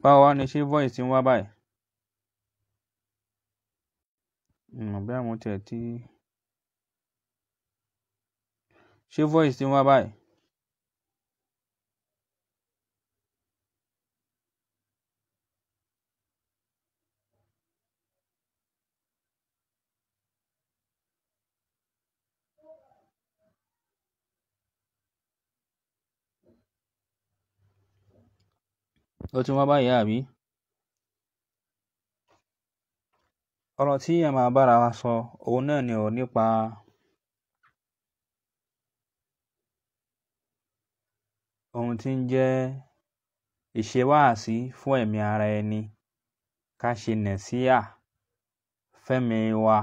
Báwo wá ni ṣé voice ti ń wá báyìí? Mi ò mo tiẹ̀ tí. Ṣé voice ń wá báyìí? Ó tún wá báyìí, àbí? Ọ̀rọ̀ tí a máa bára wa sọ, òun náà ni ọ̀rọ̀ nípa ohun tí ń jẹ́ ìṣe fún ẹ̀mí ara ẹni, ká ṣe nàsíhà fẹ́mi wa.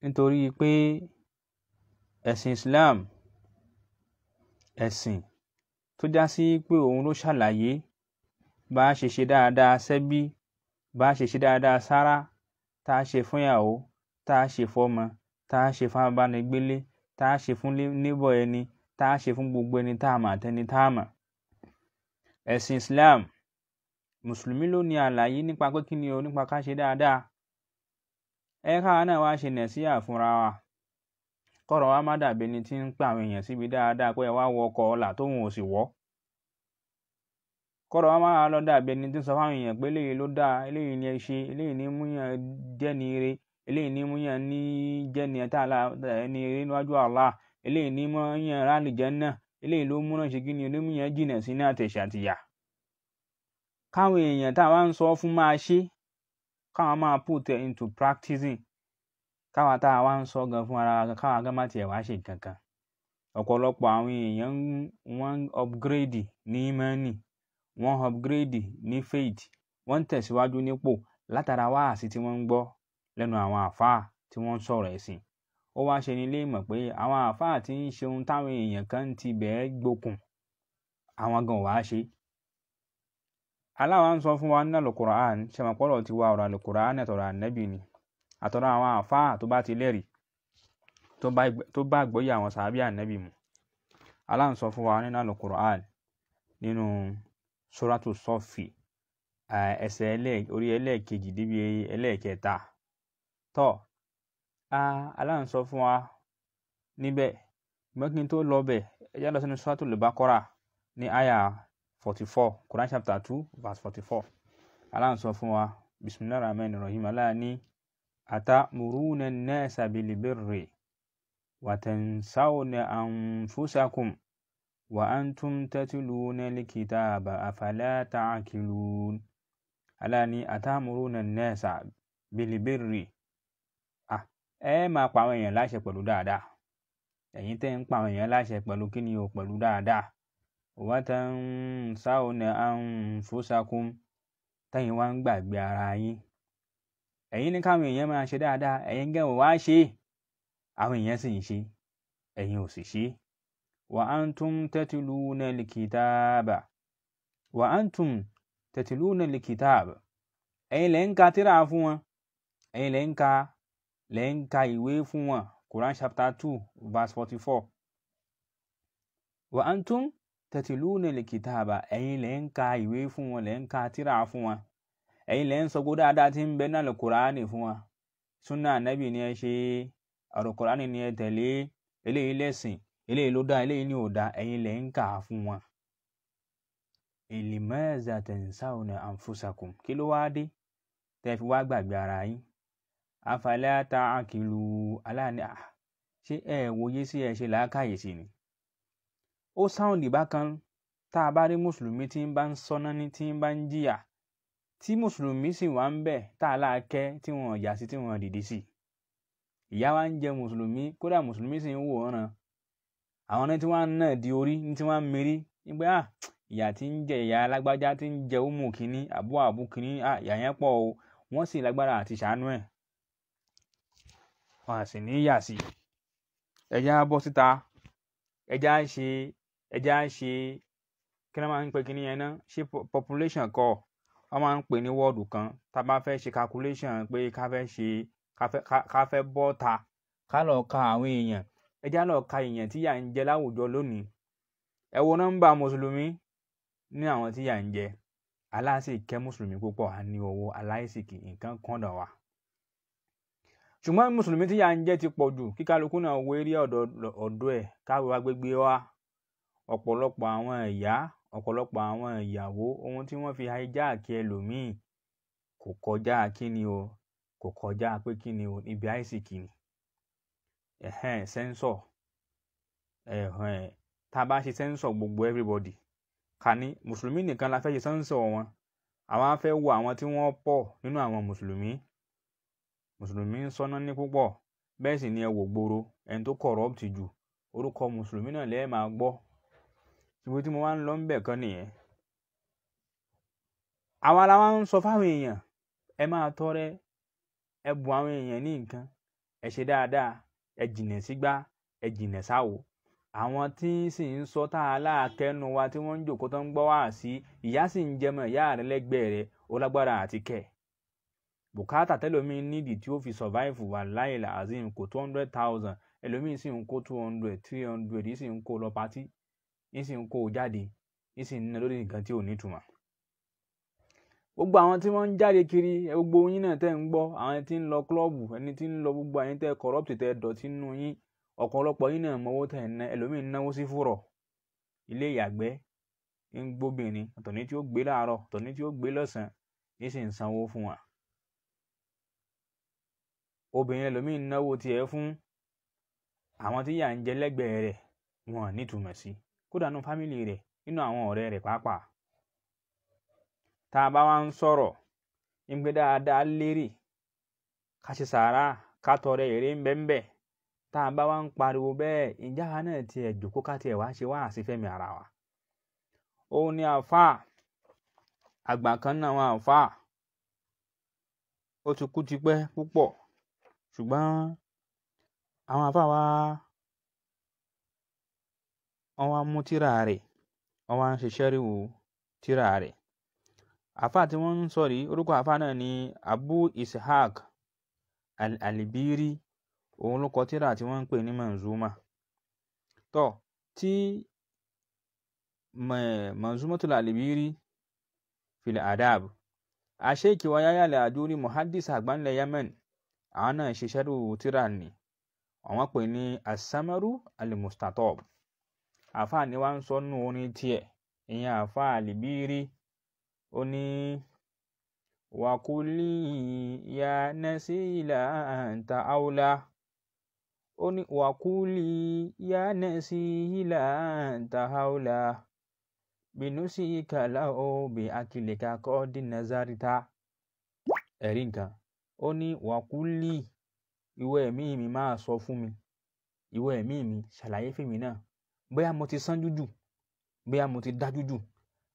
Nítorí pé ẹ̀sìn Islam ẹ̀sìn tó já sí pé òun ló ṣàlàyé bá a ṣe ṣe dáadáa sẹ́bí bá a ṣe ṣe dáadáa sára tá a ṣe fún ìyàwó tá a ṣe fọmọ tá a ṣe fún tá a ṣe fún níbọ̀ ẹni tá a ṣe fún gbogbo ẹni tá a mọ̀ àtẹni tá a mọ̀ ẹ̀sìn Islam mùsùlùmí ló ní àlàyé nípa pé kí ni o nípa ká ṣe dáadáa ẹ káwa náà wá ṣe nàìjíríà fúnra wa kọ́rọ̀ wa má dàbí ẹni tí ń pa àwọn èèyàn síbi dáadáa pé ẹ wá wọ ọkọ̀ ọ̀la tóun ò sì wọ́ kọ́rọ̀ wa má lọ dàbí ẹni tí ń sọ fáwọn èèyàn pé eléyìí ló dáa eléyìí ni ẹ ṣe eléyìí ni múyàn jẹ́ ire eléyìí ni múyàn ní jẹ́ ni ẹni ire níwájú Allah eléyìí ni múyàn rálì jẹ́ náà eléyìí ló múná ṣe kí onímúyàn jìnà sí ní àtẹ̀ṣẹ̀ àtìyà káwọn èèyàn tá a wá ń sọ fún máa ṣe káwọn máa put into practicing káwa tá a wá ń sọ gan fún ara wa káwa gan má tiẹ̀ wá ṣe nǹkan ọ̀pọ̀lọpọ̀ àwọn èèyàn wọ́n upgrade ní imani wọ́n upgrade ní faith wọ́n tẹ̀síwájú nípò látara wáàsí tí wọ́n ń gbọ́ lẹ́nu àwọn àfáà tí wọ́n ń sọ̀rọ̀ ẹ̀sìn ó wá ṣe ni lé mọ̀ pé àwọn àfáà tí ń ṣe ohun táwọn èèyàn kan ti bẹ̀ẹ́ gbókùn àwọn gan wàá ṣe aláwa ń sọ fún wa nínú al ṣe mọ̀ tiwa ọ̀rọ̀ Al-Qur'an àtọ̀rọ̀ ni àtọ̀dọ̀ àwọn àfáà tó bá ti lẹ́rìí tó bá àgbọ́yé àwọn sàábí ànábì mu Allah ń sọ fún wa nínú alukur'an nínú suratu sọ́ọ̀fì ẹsẹ̀ orí ẹlẹ́ẹ̀kejì débi ẹlẹ́ẹ̀kẹta tọ́ Allah ń sọ fún wa níbẹ̀ mọ́kí tó lọ bẹ̀ ẹjá lọ sínú suratu lubakora ní àyà 44 Quran chapter two verse forty four. ń sọ fún wa bisimilahi rahman rahim Allah أتأمرون الناس بالبر وتنسون أنفسكم وأنتم تتلون الكتاب أفلا تعقلون ألاني أتأمرون الناس بالبر ah ẹ máa pa àwọn èèyàn láṣẹ pẹ̀lú dáadáa ẹ̀yin tẹ́ ń pa àwọn èèyàn láṣẹ pẹ̀lú kíni o pẹ̀lú dáadáa watansawna anfusakum tẹ́yin wá ń gbàgbé ara yín ẹ̀yin ní káwọn èèyàn máa ṣe dáadáa ẹ̀yin gẹ́ ò wá ṣe àwọn èèyàn sì ń ṣe ẹ̀yin ò sì ṣe wa antum tatluna likitaba wa antum tatluna likitaba ẹ̀yin lẹ́ ń ka tírà fún wọn ẹ̀yin lẹ́ ń ka lẹ́ ń ka ìwé fún wọn Quran chapter two verse forty-four wa antum tatluna likitaba ẹ̀yin lẹ́ ń ka ìwé fún wọn lẹ́ ń ka tírà fún wọn ẹ̀yin lẹ́ ń sọ pé dáadáa ti ń bẹ náà lùkùránì fún wa súnà ànábì ni ẹ ṣe ọ̀rọ̀ kùránì ni ẹ tẹ̀lé eléyìí lẹ́sìn eléyìí ló dá eléyìí ni ò dá ẹ̀yin lẹ́ ń kà á fún wa. ìlìmọ́ẹ̀zà tẹ̀sánsáwọ̀nà àǹfọ̀sàkùn kí ló wáá dé tẹ́ fi wá gbàgbé ara yín afalẹ́ ata àkìlù aláàánú à ah, ṣé ẹ wòye sí ẹ ṣe làákàyè sí ni. ó sáwùndì bákan tá a bá rí mùsùlùmí tí ń bá ń sọ́nà ní tí ń bá ń jìyà tí mùsùlùmí sì wá ń bẹ̀ tá a láà kẹ́ tí wọn yà sí tí wọn dìde sí ìyá wa ń jẹ mùsùlùmí kódà mùsùlùmí sì ń wòran àwọn ní tí wọn ń nà di orí ní tí wọn ń mérí nígbà ah ìyá tí ń jẹ ìyá alágbájá tí ń jẹ ó mú kínní àbú àbú kínní ah ìyá yẹn pọ̀ o wọ́n sì lágbára àti ṣàánú ẹ̀ wọn sì ní yà sí ẹja bọ́ síta ẹja ṣe ẹja ṣe kí ló máa ń pè kínní yẹn náà ṣe population call wọ́n máa ń pè ní wọ́ọ̀dù kan tá a bá fẹ́ ṣe calculation pé ká fẹ́ ṣe ká fẹ́ bọ́ta ká lọ ka àwọn èèyàn ẹ já lọ ka èèyàn tí yà ń jẹ láwùjọ lónìí ẹ wo nọ́mbà mùsùlùmí ní àwọn tí yà ń jẹ aláàsì kẹ́ mùsùlùmí púpọ̀ àní owó aláìsìkì nǹkan kan dàn wá. ṣùgbọ́n mùsùlùmí tí yà ń jẹ ti pọ̀ jù kí kálukú náà wo eré ọ̀dọ̀ ẹ̀ káwé wá gbégbé wá ọ̀pọ̀lọpọ̀ àwọn ìyá ọ̀pọ̀lọpọ̀ àwọn ìyàwó ohun tí wọ́n fi hijack ẹlòmíì kò kọjá kíni o kò kọjá pé kíni o níbi àìsíkì ni ẹ̀hẹ́n tá a bá ṣe sensor gbogbo everybody ká ní mùsùlùmí nìkan la fẹ́ ṣe sensor wọn àwa fẹ́ wo àwọn tí wọ́n pọ̀ nínú àwọn mùsùlùmí mùsùlùmí ń sọ́nà ní púpọ̀ bẹ́ẹ̀ sì ni ẹ wò gbòòrò ẹni tó corrupt jù orúkọ mùsùlùmí náà lẹ́ẹ̀ máa gbọ́ ṣùgbọ́n tí mo máa ń lọ ńbẹ̀ kan nìyẹn àwa la máa ń sọ fáwọn èèyàn ẹ máa tọrẹ ẹ bùn àwọn èèyàn ní nǹkan ẹ ṣe dáadáa ẹ jìnà sígbá ẹ jìnà sáwo àwọn tí sì ń sọ tá a láàkẹnu wa tí wọ́n ń jòkó tó ń gbọ́ wá sí ìyá sì ń jẹmọ ìyá rẹ lẹ́gbẹ̀ẹ́ rẹ ó lágbára àti kẹ̀ bùkátà tẹlómiín nídìí tí ó fi survive wà láìla azeem kò two hundred thousand ẹlòmíín sì ń kó two hundred three hundred yìí sì ń kó lọ patí ń sì ń kó o jáde ń sì ń ná lórí nǹkan tí ò nítumọ̀ gbogbo àwọn tí wọ́n ń jáde kiri gbogbo yín náà tẹ́ ń gbọ́ àwọn tí ń lọ kílọ̀bù ẹni tí ń lọ gbogbo àyín tẹ́ kọ̀rọ̀pù tẹ́ dọ̀tí nù yín ọ̀pọ̀lọpọ̀ yín náà mọ́wó tẹ̀ ń ná ẹlòmíín náwó sí fúrọ̀ ilé ìyàgbẹ́ ń gbóbìnrin tòní tí ó gbé láàárọ̀ tòní tí ó gbé lọ́sàn-án ní sì ń sanwó fún wa. obìnrin ẹlòmíín náwó tiẹ̀ fún àwọn tí yà ń jẹ lẹ́gbẹ̀ẹ́ rẹ̀ wọn nítumọ̀ sí. Si kódà nínú fámìlì rẹ̀ nínú àwọn ọ̀rẹ́ rẹ̀ pàápàá tá a bá wá ń sọ̀rọ̀ ìpè dáadáa lérè ká ṣe sàárà ká tọrẹ èrè ń bẹ́ńbẹ́ tá a bá wá ń pariwo bẹ́ẹ̀ ìjà náà tiẹ̀ jòkó ká tiẹ̀ wá ṣe wá àṣefẹ́mi ara wa. òun ni àáfàá àgbà kan náà wọn àáfàá ó ti kú tipẹ́ púpọ̀ ṣùgbọ́n àwọn àáfàá wa. wọ́n wá mú tírà rẹ̀ wọ́n wá ń ṣe ṣẹ́ríwò tírà rẹ̀ àfa tí wọ́n ń sọ ni Abu Ishaq al alibiri òun ló kọ tírà tí wọ́n ń pè ní Manzuma tó tí Manzumatul Albiri fil adab àṣeyìkì wáyá yàlẹ̀ àdúrí muhaddis àgbáńlẹ̀ Yemen àwọn náà ṣiṣẹ́ rú tírà ni àwọn pè ní asamaru alimustatab. Afa ni wá ń sọ nù ni tiẹ̀ ìyẹn àáfàá àlìbírí ó ní wàkúlì ya nasila anta aula ó ní wàkúlì ya nasila anta aula bínúsí kàlá ó bí akílẹ̀ká kọ́ dín nazarita ẹ̀rí nǹkan ó ní wàkúlì ìwọ ẹ̀mí mi máa sọ fún mi ìwọ ẹ̀mí mi ṣàlàyé fèmí náà bóyá mo ti sánjú jù bóyá mo ti dájú jù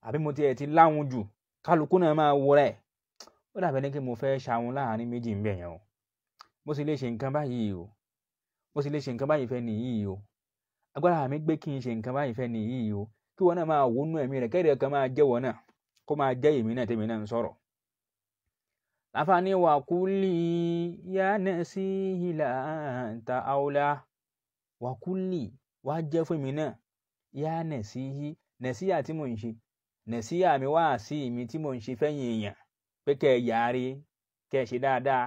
àbí mo ti ẹ̀ ti láwọn jù kálukú náà máa wọ rẹ̀ ó dàbẹ̀ ní kí mo fẹ́ ṣàwọn láàrin méjì ń bẹ̀ yẹn o mo sì lè ṣe nǹkan báyìí o mo sì lè ṣe nǹkan báyìí fẹ́ nìyí o agbára mi gbé kí n ṣe nǹkan báyìí fẹ́ nìyí o kí wọn náà máa wónú ẹ̀mí rẹ̀ kẹ́rì ẹ̀kan máa jẹ́wọ́ náà kó máa jẹ́ èmi náà tèmi náà ń sọ̀rọ̀ láfààní wà kúlì yánà sí ìlà àǹtà àwòlá wà kúlì wá jẹ́ fún mi náà yá nẹ̀sí yí nẹ̀síyà tí mò ń ṣe nẹ̀síyà mi wá sí mi tí mò ń ṣe fẹ́yìn èèyàn pé kẹ́ ẹ yáre kẹ́ ẹ ṣe dáadáa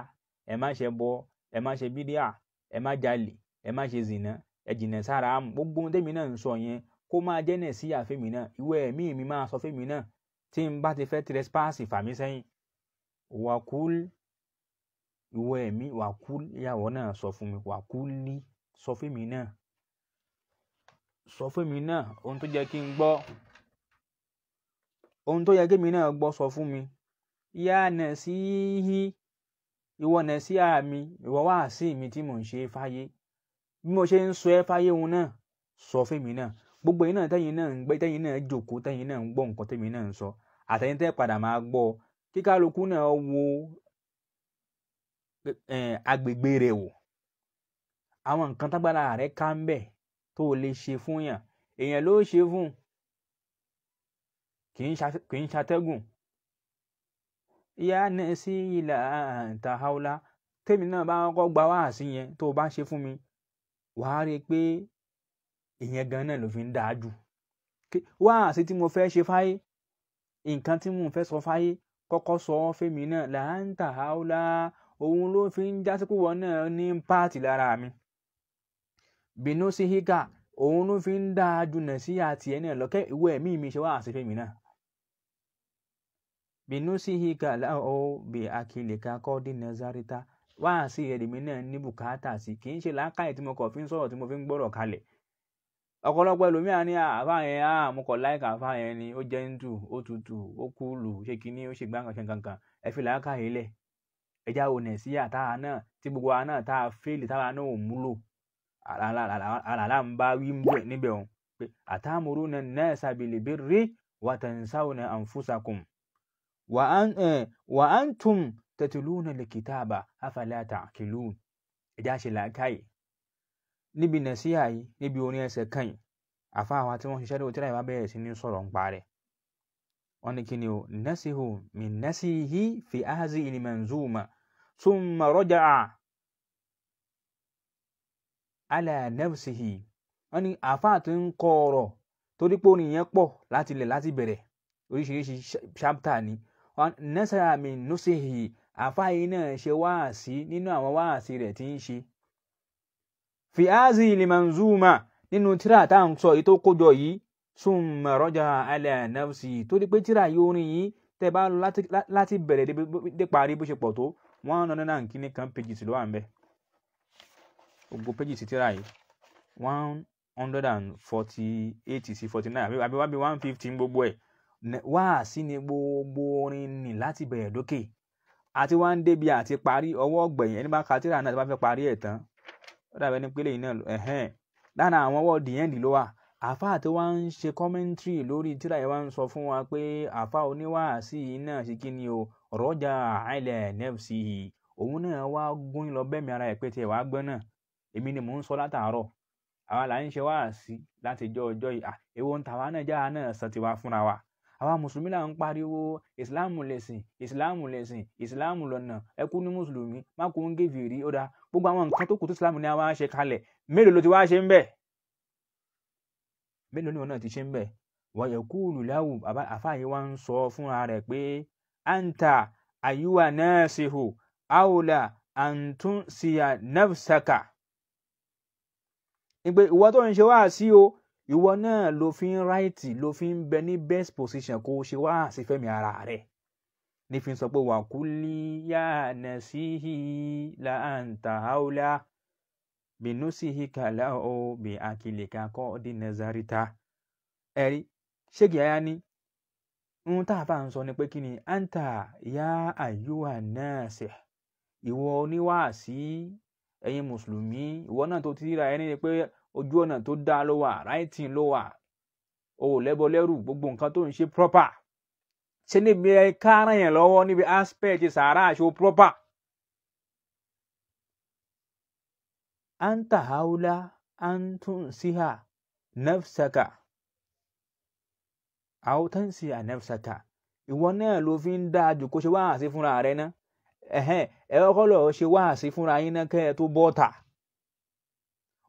ẹ má ṣe bọ ẹ má ṣe bídíà ẹ má jalè ẹ má ṣe zìnà ẹ jìnà sára mu gbogbo ohun tẹ́mi náà ń sọ yẹn kó máa jẹ́ nẹ̀síyà fẹ́mi náà ìwé ẹ̀mí mi máa sọ fẹ́mi náà tí n bá ti fẹ́ tìrẹsípáàsì fà mí sẹ́yìn wàkúl ìwé ẹ̀mí wàkúl ìyàwó náà sọ fún mi wàkúl ní sọ fẹ́mi náà sọ fún mi náà ohun tó yẹ kí n gbọ́ ohun tó yẹ kí mi náà gbọ́ sọ fún mi yá nà sí yí ìwọ nà sí àmì ìwọ wá sí mi tí mò ń ṣe fáyé bí mo ṣe ń sọ ẹ fáyé òun náà sọ fún mi náà gbogbo yín náà tẹ́yin náà ń gbé tẹ́yin náà jòkó tẹ́yin náà ń gbọ́ nǹkan tẹ́mi náà ń sọ àtẹ̀yin tẹ́ padà máa gbọ́ kíkálukú náà wo agbègbè rẹ̀ wò àwọn nǹkan tágbára rẹ̀ ká ń bẹ̀ tó o lè ṣe fún yàn èèyàn ló ṣe fún kì í ṣàtẹ́gùn ìyá náà sí ìlà àǹtà haúlá tèmi náà bá kọ́ gba wáàsí yẹn tó o bá ṣe fún mi wàá rí i pé ìyẹn gan náà ló fi ń dáa jù wáàsí tí mo fẹ́ ṣe fáyé nǹkan tí mo fẹ́ sọ fáyé kọ́kọ́ sọ ọ́ fẹ́mi náà là ń tà haúlá òun ló fi ń jásíkú wọn náà ní pààtì lára mi bínú sí híkà òun ló fi ń dáa ju nàìjíríà tiẹ̀ náà lọ́kẹ́ ìwé ẹ̀mí mi ṣe wá àṣìfẹ́ mi náà bínú sí híkà láò bí akílẹ̀ká kọ́ dín nazarita wá sí ẹ̀dìmí náà ní bùkátà sí kì í ṣe làákàyè tí mo kọ̀ fi ń sọ̀rọ̀ tí mo fi ń gbọ́rọ̀ kalẹ̀ ọ̀pọ̀lọpọ̀ ẹlòmíà ní àfa yẹn á mo kọ̀ láìka àfa yẹn ni ó jẹ́ ń tù ó tutù ó kúlù ṣe kínní ó ṣe gbàǹkan ṣe kankan ẹ fi làákàyè lẹ̀ ẹja ò nẹ̀ sí àtàwa náà tí gbogbo wa náà tá a fèlè táwa náà ò múlò àlàlà ń bá wí ń bẹ̀ níbẹ̀ o pé atamuruna nnasa bilbirri wa tansawna anfusakum wa an eh, wa antum tatluna alkitaba afala ta'qilun ẹ̀já ṣe làákàyè níbi nàṣíyà yìí níbi orin ẹsẹ̀ kan yìí àfa àwọn tí wọ́n ṣiṣẹ́ lóò tíra ìbá bẹ̀rẹ̀ sí ní sọ̀rọ̀ ń o nasihu min nasihi fi ahazi ilimanzuma summa raja'a ala nafsihi wọ́n ní àáfàá tó ń kọ ọ̀rọ̀ torí pé orin yẹn pọ̀ láti ilẹ̀ láti bẹ̀rẹ̀ oríṣiríṣi ṣápítà ni nẹ́sàrà mi nùsìhì àáfàá yìí náà ṣe wáàsí nínú àwọn wáàsí rẹ̀ tí ń ṣe. fi áàzì limanzuma nínú tíra tá à ń sọ èyí tó kójọ yìí sùn mọ̀rọ́jà ala nafsi torí pé tíra yìí orin yìí tẹ́ bá lọ láti bẹ̀rẹ̀ dé parí bó ṣe pọ̀ tó one hundred and kìíní kan pages ló wà ń bẹ́ẹ̀ gbogbo péjì sí tíra yìí one hundred and forty eight sí forty nine àbí wá one fifty gbogbo ẹ̀ wá sí ni gbogbo orin nì láti bẹ̀rẹ̀ dókè àti wá ń débi àti parí ọwọ́ gbẹ̀yìn ẹni bá ka tíra náà tí wọ́n fẹ́ parí ẹ̀ tán ó dàbẹ̀ ní pélé yìí náà ẹ̀hẹ́n lára àwọn ọwọ́ the end ló wà àáfàá tó wá ń ṣe commentary lórí tíra yìí wá ń sọ fún wa pé àáfàá oníwàásí náà ṣe kí ni o rọ́jà àìlẹ̀ nẹ́ẹ̀sì òun náà wá gún lọ bẹ́ẹ̀mí ara ẹ̀ pé tiẹ̀ wá gbọ́n náà èmi ni mò ń sọ látàárọ̀ àwa là ń ṣe wáàsí láti jọ ọjọ́ yìí èwo ń tàwa náà jáwa náà san tiwa fúnra wa àwa mùsùlùmí là ń pariwo ìsìláàmù lẹ̀sìn ìsìláàmù lẹ̀sìn ìsìláàmù lọ́nà ẹ kú ní mùsùlùmí má kó ń gèvèrí ó dáa gbogbo àwọn nǹkan tó kù tó ìsìláàmù ní àwa ṣe kalẹ̀ mélòó ló ti wá ṣe ń bẹ̀ mélòó ni wọn náà ti ṣe ń bẹ̀ wọ́n yẹ kúùlù láwù àfáàyè wa ń sọ fúnra rẹ̀ pé anta ayuwa nasihu aula antun siya nafsaka pé ìwọ tó ń ṣe wá sí o ìwọ náà ló fi ń ráìtì ló fi ń bẹ ní best position kó o ṣe wá sí fẹ́mi ara rẹ̀ nífi sọ pé wàkúlí yá nàṣíhì là ń tà áúlá bínúṣìhì kàlá o bí akílìkà kọ́ di nàzàrìtà ẹ̀rí ṣégi aya ní ohun tá a bá ń sọ ni pé kí ni anta ya ayuwa nasih ìwọ oníwàásí ẹ̀yin mùsùlùmí ìwọ náà tó ti ríra ẹni pé ojú ọ̀nà tó dá ló wà ráìtìn ló wà o ò lẹ́bọ lẹ́rù gbogbo nǹkan tó ń ṣe proper ṣé níbi ẹ kára yẹn lọ́wọ́ níbi aspect sàárà ṣe proper. anta haula antun siha nafsaka àwòtán sí ànafsaka ìwọ náà ló fi ń dá jù kó ṣe wáhà sí fúnra rẹ náà ẹ̀hẹ́n ẹ kọ́kọ́ lọ ṣe wáhà sí fúnra yín náà kẹ́ ẹ tó bọ́ta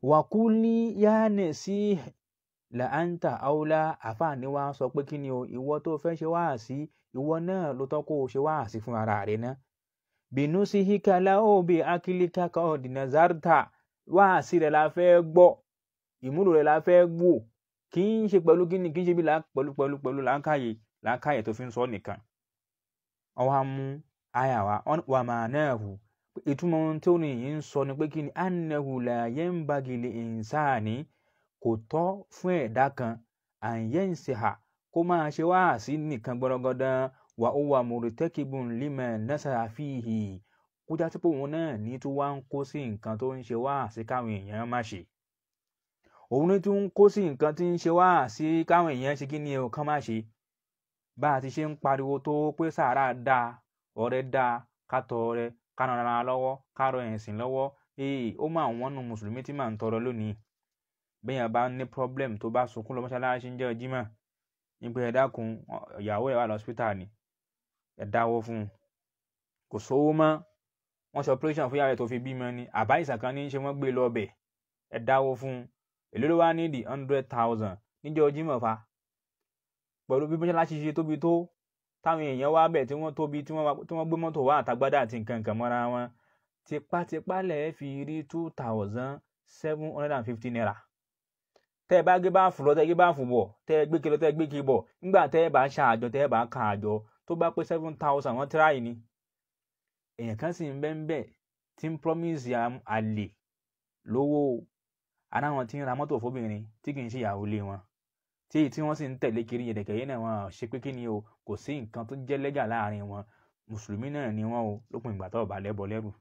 wàkúlí yáàní sí làǹtà àwòlá àfààní wa sọ pé kí ni o ìwọ tó fẹ́ ṣe wáàsí ìwọ náà ló tọ́ kó o ṣe wáàsí fún ara rẹ ná bínú sí hikala ó bí akílíkà kọ́ọ̀dìnà zarta wáàsí rẹ la fẹ́ gbọ́ ìmúlò rẹ la fẹ́ wò kì í ṣe pẹ̀lú kíni kì í ṣe bí pẹ̀lú pẹ̀lú pẹ̀lú làákàyè làákàyè tó fi ń sọ nìkan ọwọ́ á mú wa wà máa náà hù ìtumọ̀ ohun tí ó ní yìí ń sọ ni pé kí ni annahu la yanbaghi li insani kò tọ́ fún ẹ̀dá kan an yansiha kó máa ṣe wáàsí nìkan gbọ́dọ̀gbọ́dán wa huwa murtakibun lima nasaha fihi kó já sí pé òun náà ní tó wá ń kó sí nǹkan tó ń ṣe wáàsí káwọn èèyàn má ṣe òun ní tó ń kó sí nǹkan tí ń ṣe wáàsí káwọn èèyàn ṣe kí ni ọ̀kan má ṣe bá a ti ṣe ń pariwo tó pé sàárà dáa ọrẹ dáa kátó ọrẹ ká ran ara lọ́wọ́ ká ran ẹ̀sìn lọ́wọ́ ee ó máa wọ́n nu mùsùlùmí tí màá ń tọrọ lónìí bẹ́yàn bá ní problem tó bá sunkún lọ mọ́ṣáláṣí ń jẹ́ ọjímọ̀ nígbà ẹ dákun ìyàwó ẹ̀ wà lọ́sípítà ni ẹ dáwọ́ fún un kò sówó mọ́ wọ́n ṣe operation fún ìyàwó ẹ̀ tó fi bímọ ni àbá ìsàn kan ní í ṣe wọ́n gbé lọ bẹ̀ ẹ fún un èló ló wá ní the hundred thousand níjọ́ ọjímọ̀ fa pẹ̀lú bí mọ́ṣáláṣí ṣe tóbi tó táwọn èèyàn wá bẹ̀ tí wọ́n tóbi tí wọ́n gbé mọ́tò wá àtàgbádá àti nǹkan kan mọ́ra wọn tipátipá lẹ̀ fi rí two thousand seven hundred and fifty naira tẹ́ ẹ bá gé bá fò lọ tẹ́ ẹ gé bá fò bọ̀ tẹ́ ẹ gbé kiri tẹ́ ẹ gbé kiri bọ̀ nígbà tẹ́ ẹ bá ṣàjọ tẹ́ ẹ bá ka àjọ tó bá pé seven thousand wọ́n tíráì ni èèyàn kan sì ń bẹ́ ń bẹ́ tí ń promise àlè lówó ara wọn ti ń ra mọ́tò fóbìnrin tí kì í ṣe ìyàwó ilé wọn tí tí wọ́n sì ń tẹ̀lé kiri yẹn dẹ̀kẹ̀ yẹn náà wọn ṣe pé kí ni o kò sí nǹkan tó jẹ́ lẹ́gà láàrin wọn mùsùlùmí náà ni wọn o lópin ìgbà tó bá lẹ́bọ lẹ́rù.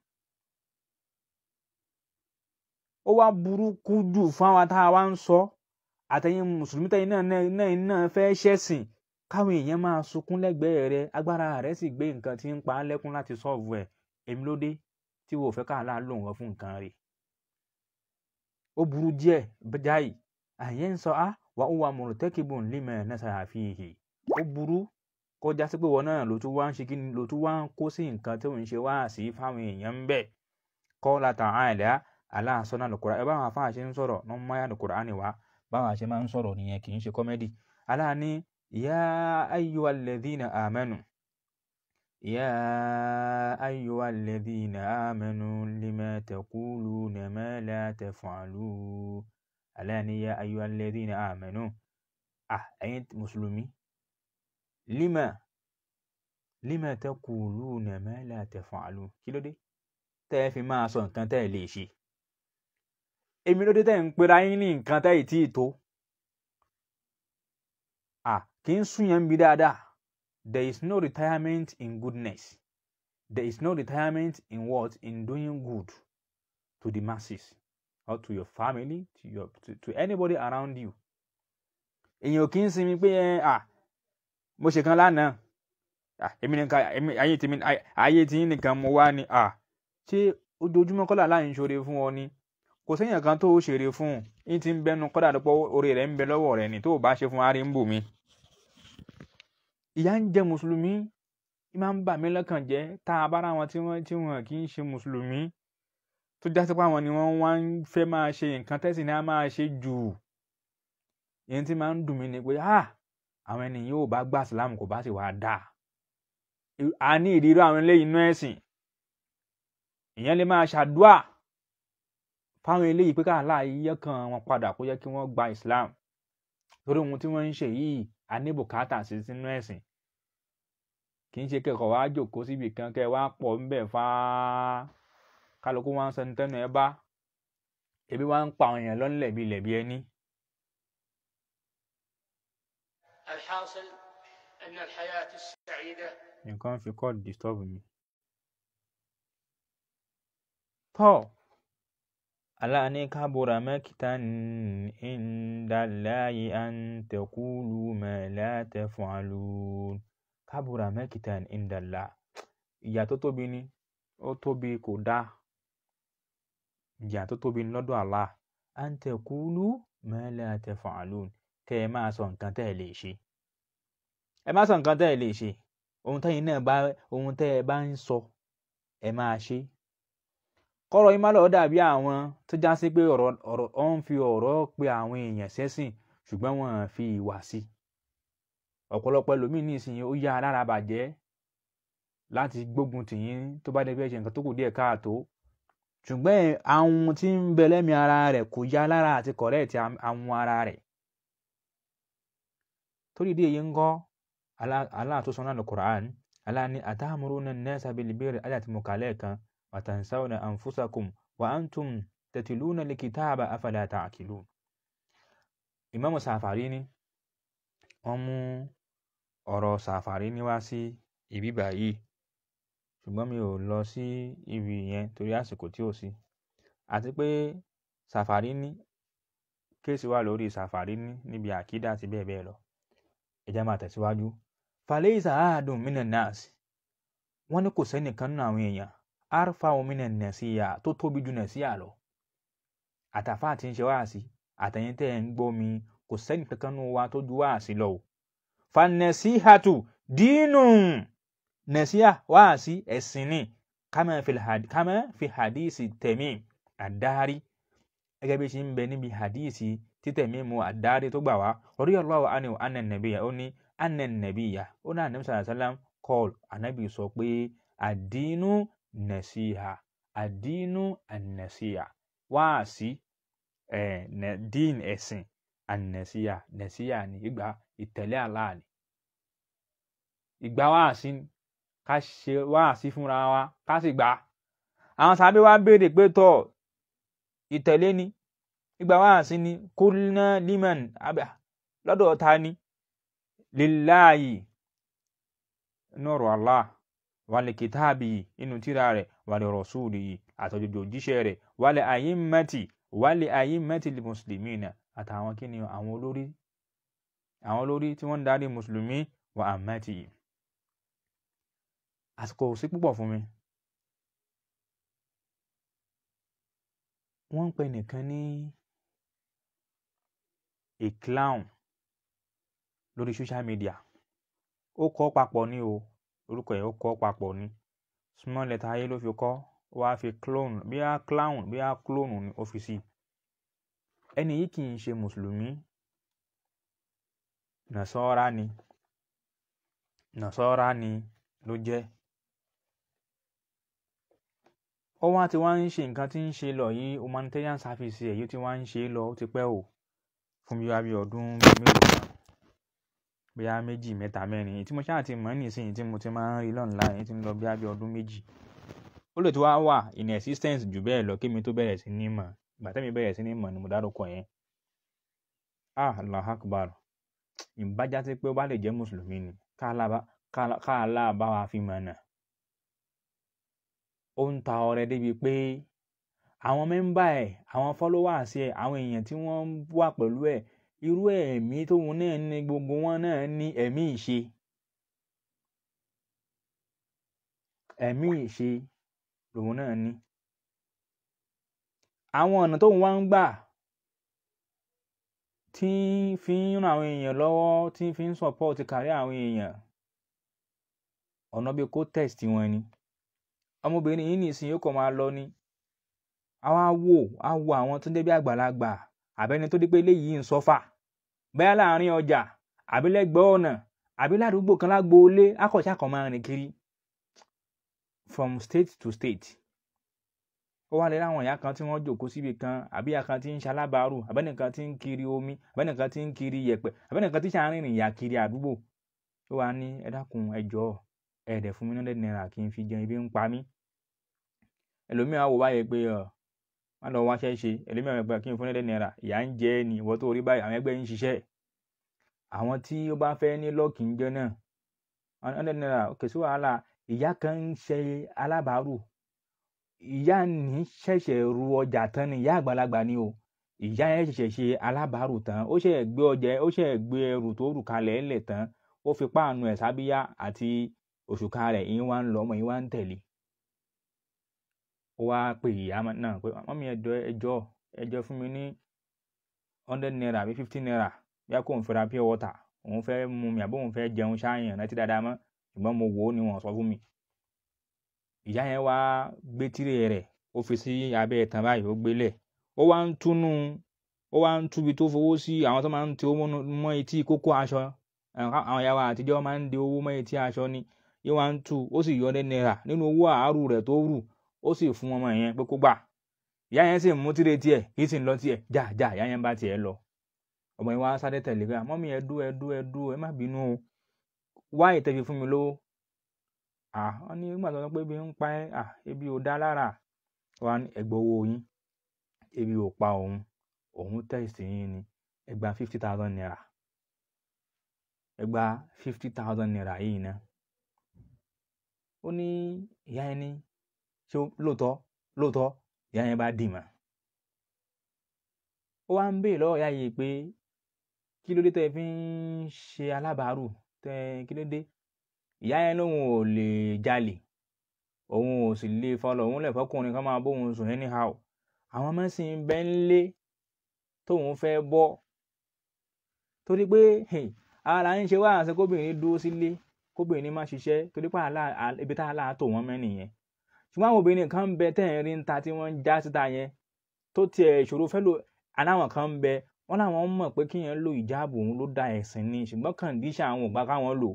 ó wá burúkú jù fún àwọn tá a wá ń sọ àtẹ̀yìn mùsùlùmí tẹ̀yìn náà náà náà fẹ́ ṣẹ̀sìn káwọn èèyàn máa sunkún lẹ́gbẹ̀ẹ́ rẹ agbára rẹ sì gbé nǹkan tí ń pa á lẹ́kún láti sọ́ọ̀bù ẹ̀ èmi ló dé tí wò fẹ́ káàlà lò wọ́n fún nǹkan rẹ̀ ó burú díẹ̀ wa huwa murtakibun lima nasaha fihi ó burú kọjá sí pé wọn náà ló tún wá ń ṣe kí ló tún wá ń kó sí nǹkan tó ń ṣe wá sí fáwọn èèyàn ń bẹ̀ qala ta'ala Allah sọ nínú ẹ báwọn afáà ṣe ń sọ̀rọ̀ ní mọ́yà Al-Qur'ani wá báwọn ṣe máa ń sọ̀rọ̀ nìyẹn kì í ṣe kọ́mẹ́dì Allah ní ya ayyuhal ladhina amanu ya ayyuhal ladhina amanu lima taquluna ma aláàníyá ayyuhalladhina amanu à ah, ẹ̀yin mùsùlùmí lima lima taquluna ma la taf'alun kí ló dé tẹ́ ẹ fi máa sọ nǹkan tẹ́ ẹ lè ṣe èmi ló dé tẹ́ ẹ ń pera yín ní nǹkan tẹ́ tí tó à ah, kì í sún yẹn ń dáadáa there is no retirement in goodness there is no retirement in what in doing good to the masses or to your family to your to, to anybody around you èèyàn kì í sinmi pé ẹ eh, à mo ṣe kan lánàá à èmi nìkan èmi ayé tèmi ayé tí nìkan mo wá ni à ṣé ojoojúmọ́ kọ́lá láyìn ṣoore fún ọ ni kò séèyàn kan tó o ṣeré fún un ti ń bẹnu kọ́dà lọ́pọ̀ oore rẹ̀ ń bẹ lọ́wọ́ rẹ̀ ni tó o bá ṣe fún ari ń bò mí. ìyà ń jẹ mùsùlùmí máa ń bà mí lọ́kàn jẹ́ tá a bá ra wọn tí wọ́n kì í ṣe mùsùlùmí tó já sí pé àwọn ni wọ́n wá ń fẹ́ máa ṣe nǹkan tẹ́sí ni a máa ṣe jù yẹn tí máa ń dùn mí ni pé ah àwọn ènìyàn yóò bá gbà sílámù kò bá sì wá dà á ní ìdírò àwọn eléyìí inú ẹ̀sìn ìyẹn lè máa ṣàdúà fáwọn eléyìí pé káàlà yíyẹ kan wọn padà kó yẹ kí wọ́n gba Islam torí ohun tí wọ́n ń ṣe yìí a ní bùkátà sí sínú ẹ̀sìn kì í ṣe kẹ́kọ̀ọ́ wá jòkó síbi kan kẹ́ wá pọ̀ ńbẹ̀ fáá kálukú wá ń sọ nítẹ́nu ẹ bá ebi wá ń pa àwọn èèyàn lọ́nlẹ̀ bíi lẹ̀bi ẹni. nǹkan fi kọ́ disturb mi. tọ́ aláàní kábùrà mẹ́kìtà ìndàláyé à ń kábùrà mẹ́kìtà ìndàlá ìyà tóbi ni ó tóbi kò dáa ìyà tó tóbi lọ́dọ̀ Allah an taqulu ma la taf'alun kẹ́ ẹ máa sọ nǹkan tẹ́ ẹ lè ṣe ẹ má sọ nǹkan tẹ́ ẹ lè ṣe ohun tẹ́yin náà bá ohun tẹ́ ẹ bá ń sọ ẹ máa ṣe kọ́rọ̀ yín má lọ́ọ́ dàbí àwọn tó já sí pé ọ̀rọ̀ ọ̀rọ̀ ọ̀ ń fi ọ̀rọ̀ pe àwọn èèyàn sẹ́sìn ṣùgbọ́n wọn fi ìwà sí ọ̀pọ̀lọpọ̀ ẹlòmíín nísìnyí ó yá alára bàjẹ́ láti gbógun tìyín tó bá dé fẹ́ ṣe nǹkan tó kù díẹ̀ káàtó ṣùgbọ́n àwọn tí ń bẹ lẹ́mìí ara rẹ̀ kò yá lára àti kọ̀rẹ́ẹ̀tì àwọn ara rẹ̀ torí ìdí èyí ń kọ́ Allah tó sọ náà Al-Qur'an Allah ni atamuruna an-nasa bil-birri ayé àti mọ̀kálẹ̀ kan wa tansawna anfusakum wa antum tatiluna al-kitaba afala ta'qilun. Imamu Safari ni wọ́n mú ọ̀rọ̀ Safari ni wá sí ibi báyìí ṣùgbọ́n mi ò lọ sí ibi yẹn torí àsìkò tí ò sí. Àti pé Safari ní, case wà lórí Safari ní níbi àkídà àti bẹ́ẹ̀ bẹ́ẹ̀ lọ. Ẹ jẹ́ máa tẹ̀síwájú. Falaisa ahadun minan nas. Wọ́n ní kò sẹ́ni kan nínú àwọn èèyàn. Arfa'u minan nasiha tó tóbi ju nasiha lọ. Àtàfà tí ń ṣe wáàsí, àtẹ̀yin tẹ́ ẹ̀ ń gbọ́ mi, kò sẹ́ni kankan nínú wa tó ju wáàsí lọ o. Fannasihatu dinun nasiha wáàsí ẹ̀sìn ni kama fi hadisi Tamim ad-Dari gẹ́gẹ́ bí ṣe ń bẹ níbi hadisi tí Tamim ad-Dari tó gbà wá radiyallahu anhu anna an-nabiyya ó ní anna an-nabiyya ó ní ànàbí sallallahu alaihi wasallam kọ́ọ̀lù ànàbí sọ pé ad-dinu nasiha ad-dinu an-nasiha wáàsí dín ẹ̀sìn an-nasiha nasiha ni ìgbà ìtẹ̀lé Allah ni ìgbà wáàsí ká ṣe wáàsí fúnra wa ká sì gbà á àwọn sábẹ́ wa béèrè pé tọ̀ ìtẹ̀lé ni ìgbà wáàsí ni kúlínà liman abà lọ́dọ̀ ta ni lillahi nuru Allah wàlẹ̀ kìtàbì yìí inú tíra rẹ̀ wàlẹ̀ rọ̀ṣúlì yìí àtọ̀jọ̀jọ̀ òjíṣẹ́ rẹ̀ wàlẹ̀ ayimmati wàlẹ̀ ayimmati lil muslimina àtàwọn kíni àwọn olórí àwọn olórí tí wọ́n ń darí mùsùlùmí wà àmẹ́tì yìí àsìkò ò sí púpọ̀ fún mi. Wọ́n ń pe ẹnìkan ní a clown lórí social media. Ó kọ ọ́ papọ̀ ni o. Orúkọ ẹ̀ ó kọ ọ́ papọ̀ ni. Small letter A ló fi kọ ọ́. Ó wá fi clone, bóyá clown, bóyá clone ni ó fi sí i. Ẹni yìí kì í ṣe Mùsùlùmí. Nàsárá ni. Nàsárá ni ló jẹ́ ó wá ti wá ń ṣe nǹkan tí ń ṣe lọ yìí humanitarian service èyí tí wá ń ṣe lọ ó ti pẹ́ o fún bí wá bí ọdún mélòó kan bóyá méjì mẹ́ta mẹ́rin èyí tí mo ṣáà ti mọ̀ nísìnyí tí mo ti máa ń rí lọ́nà láàrin tí ń lọ bóyá bí ọdún méjì ó lè ti wá wà in existence jù bẹ́ẹ̀ lọ kémi tó bẹ̀rẹ̀ sí ní mọ̀ ìgbà tẹ́mi bẹ̀rẹ̀ sí ní mọ̀ ni mo dárúkọ yẹn ah allah akbar ìbájá sí pé ó bá lè jẹ́ mùsùlùmí ni káàlà ó ń ta ọrẹ débi pé àwọn mẹ́ńbà ẹ̀ àwọn followers ẹ̀ àwọn èèyàn tí wọ́n wà pẹ̀lú ẹ̀ irú ẹ̀mí tóun náà ní gbogbo wọn náà ní ẹ̀mí ìṣe ẹ̀mí ìṣe lòun náà ní àwọn ọ̀nà tóun wá ń gbà tí ń fi ń ran àwọn èèyàn lọ́wọ́ tí ń fi ń support kárí àwọn èèyàn ọ̀nà bíi kó test wọn ni. ọmọbìnrin yìí nìsín yóò kàn máa lọ ni àwa wò á wo àwọn tó ń jẹ́ bí àgbàlagbà àbẹ́ni tó dé pé ń sọ́fà bẹ́ẹ̀ láàrin ọjà àbí ọ̀nà àbí ládùúgbò kan lágboolé akọ̀ṣà kan máa rìn kiri from state to state ó wá lé láwọn ìyá kan tí wọ́n jókòó síbi kan àbí ìyá kan tí ń ṣalábàárù àbẹ́nìkan tí ń kiri omi àbẹ́nìkan tí ń kiri yẹ̀pẹ̀ àbẹ́nìkan tí ṣàárín ìyá kiri àdúgbò ó wá ní ẹ dákun ẹ ẹ̀ẹ́dẹ̀ fún mi ní hundred naira kí n fi jẹun ibi ń pa mí ẹlòmíràn á wò báyẹn pé ọ má lọ wáṣẹ́ ṣe ẹlòmíràn á wò pé kí n fún ẹ̀dẹ̀ náírà ìyá ń jẹ ẹ́ ni ìwọ tó rí báyìí àwọn ẹgbẹ́ ń ṣiṣẹ́ àwọn tí ó bá fẹ́ ní lọ́ọ̀kì ń jẹ́ náà ẹ̀dẹ̀ náírà kò sí wàhálà ìyá kan ń ṣe alábàárù ìyá ní ṣẹ̀ṣẹ̀ ru ọjà tán ni ìyá àgbàlagbà ni o ìyá yẹn ṣẹ̀ṣẹ̀ ṣe alábàárù tán ó ṣẹ̀ gbé ọjà ó ṣẹ̀ gbé ẹrù tó rù kalẹ̀ ẹ̀ lẹ̀ tán ó fi páànù ẹ̀ sábíyá àti òṣùká rẹ̀ ìyín wá ń lọ ọmọ ìyín wá ń tẹ̀lé ó wá pe ìyá náà pé mọ́mí ẹjọ́ ẹjọ́ ẹjọ́ fún mi ní hundred naira àbí fifty naira bíyà kóun fẹ́ ra pure water òun fẹ́ mu mi àbí òun fẹ́ jẹun ṣáàyàn rántí dáadáa mọ́ ṣùgbọ́n mo wò ó ni wọ́n sọ fún mi ìyá yẹn wá gbé tíré rẹ̀ ó fi sí abẹ́ ẹ̀tàn báyìí ó gbélẹ̀ ó wá ń túnú ó wá ń túbi tó fowó sí àwọn tó máa ń ti owó mọ́ etí kókó aṣọ àwọn ìyá wa àtijọ́ máa ń di owó mọ́ etí aṣọ ni yóò ń tú ó sì yọ ọdẹ náírà nínú owó àárù rẹ̀ tó rù ó sì fún ọmọ yẹn pé kó gbà ìyá yẹn sì mú tíré tiẹ̀ kì í sì ń lọ tiẹ̀ jáàjáà ìyá yẹn bá tiẹ̀ lọ ọmọ yẹn wá sáré tẹ̀lé pé mọ́mí ẹ dúró ẹ dúró ẹ dúró ẹ má bínú o wá ìtẹ̀fi fún mi lówó à wọ́n ní nígbà tó sọ pé ebi ń pa ẹ́ à ebi ò dá lára wa ní ẹgbẹ́ owó yín ebi ò pa òun òun tẹ̀sí yín ni ẹ fifty thousand naira ẹ fifty thousand naira yìí ná ó ní ìyá ẹni ṣé lóòótọ́ lóòótọ́ ìyá yẹn bá dì mà ó wá ń béèrè lọ́wọ́ ìyá yìí pé kí ló dé tẹ́ fi ń ṣe alábàárù tẹ́ kí ló dé ìyá yẹn lóun ò lè jalè òun ò sì lè fọlọ òun lè fọkùnrin kan máa bóun sùn anyhow àwọn ọmọ sì ń bẹ ń lé tóun fẹ́ bọ́ torí pé ara ń ṣe wá àṣẹ kóbìnrin dúró sílé kóbìnrin má ṣiṣẹ́ torí pé ibi tá a láà tó wọ́n mẹ́nìyẹn ṣùgbọ́n àwọn obìnrin kan ń bẹ tẹ́yìn rí ń ta tí wọ́n ń já síta yẹn tó tiẹ̀ ìṣòro fẹ́ lò aláwọn kan ń bẹ wọ́n láwọn mọ̀ pé kíyẹn lo ìjáàbò òun ló da ẹ̀sìn ni ṣùgbọ́n kàǹdíṣà àwọn ò gbà káwọn lò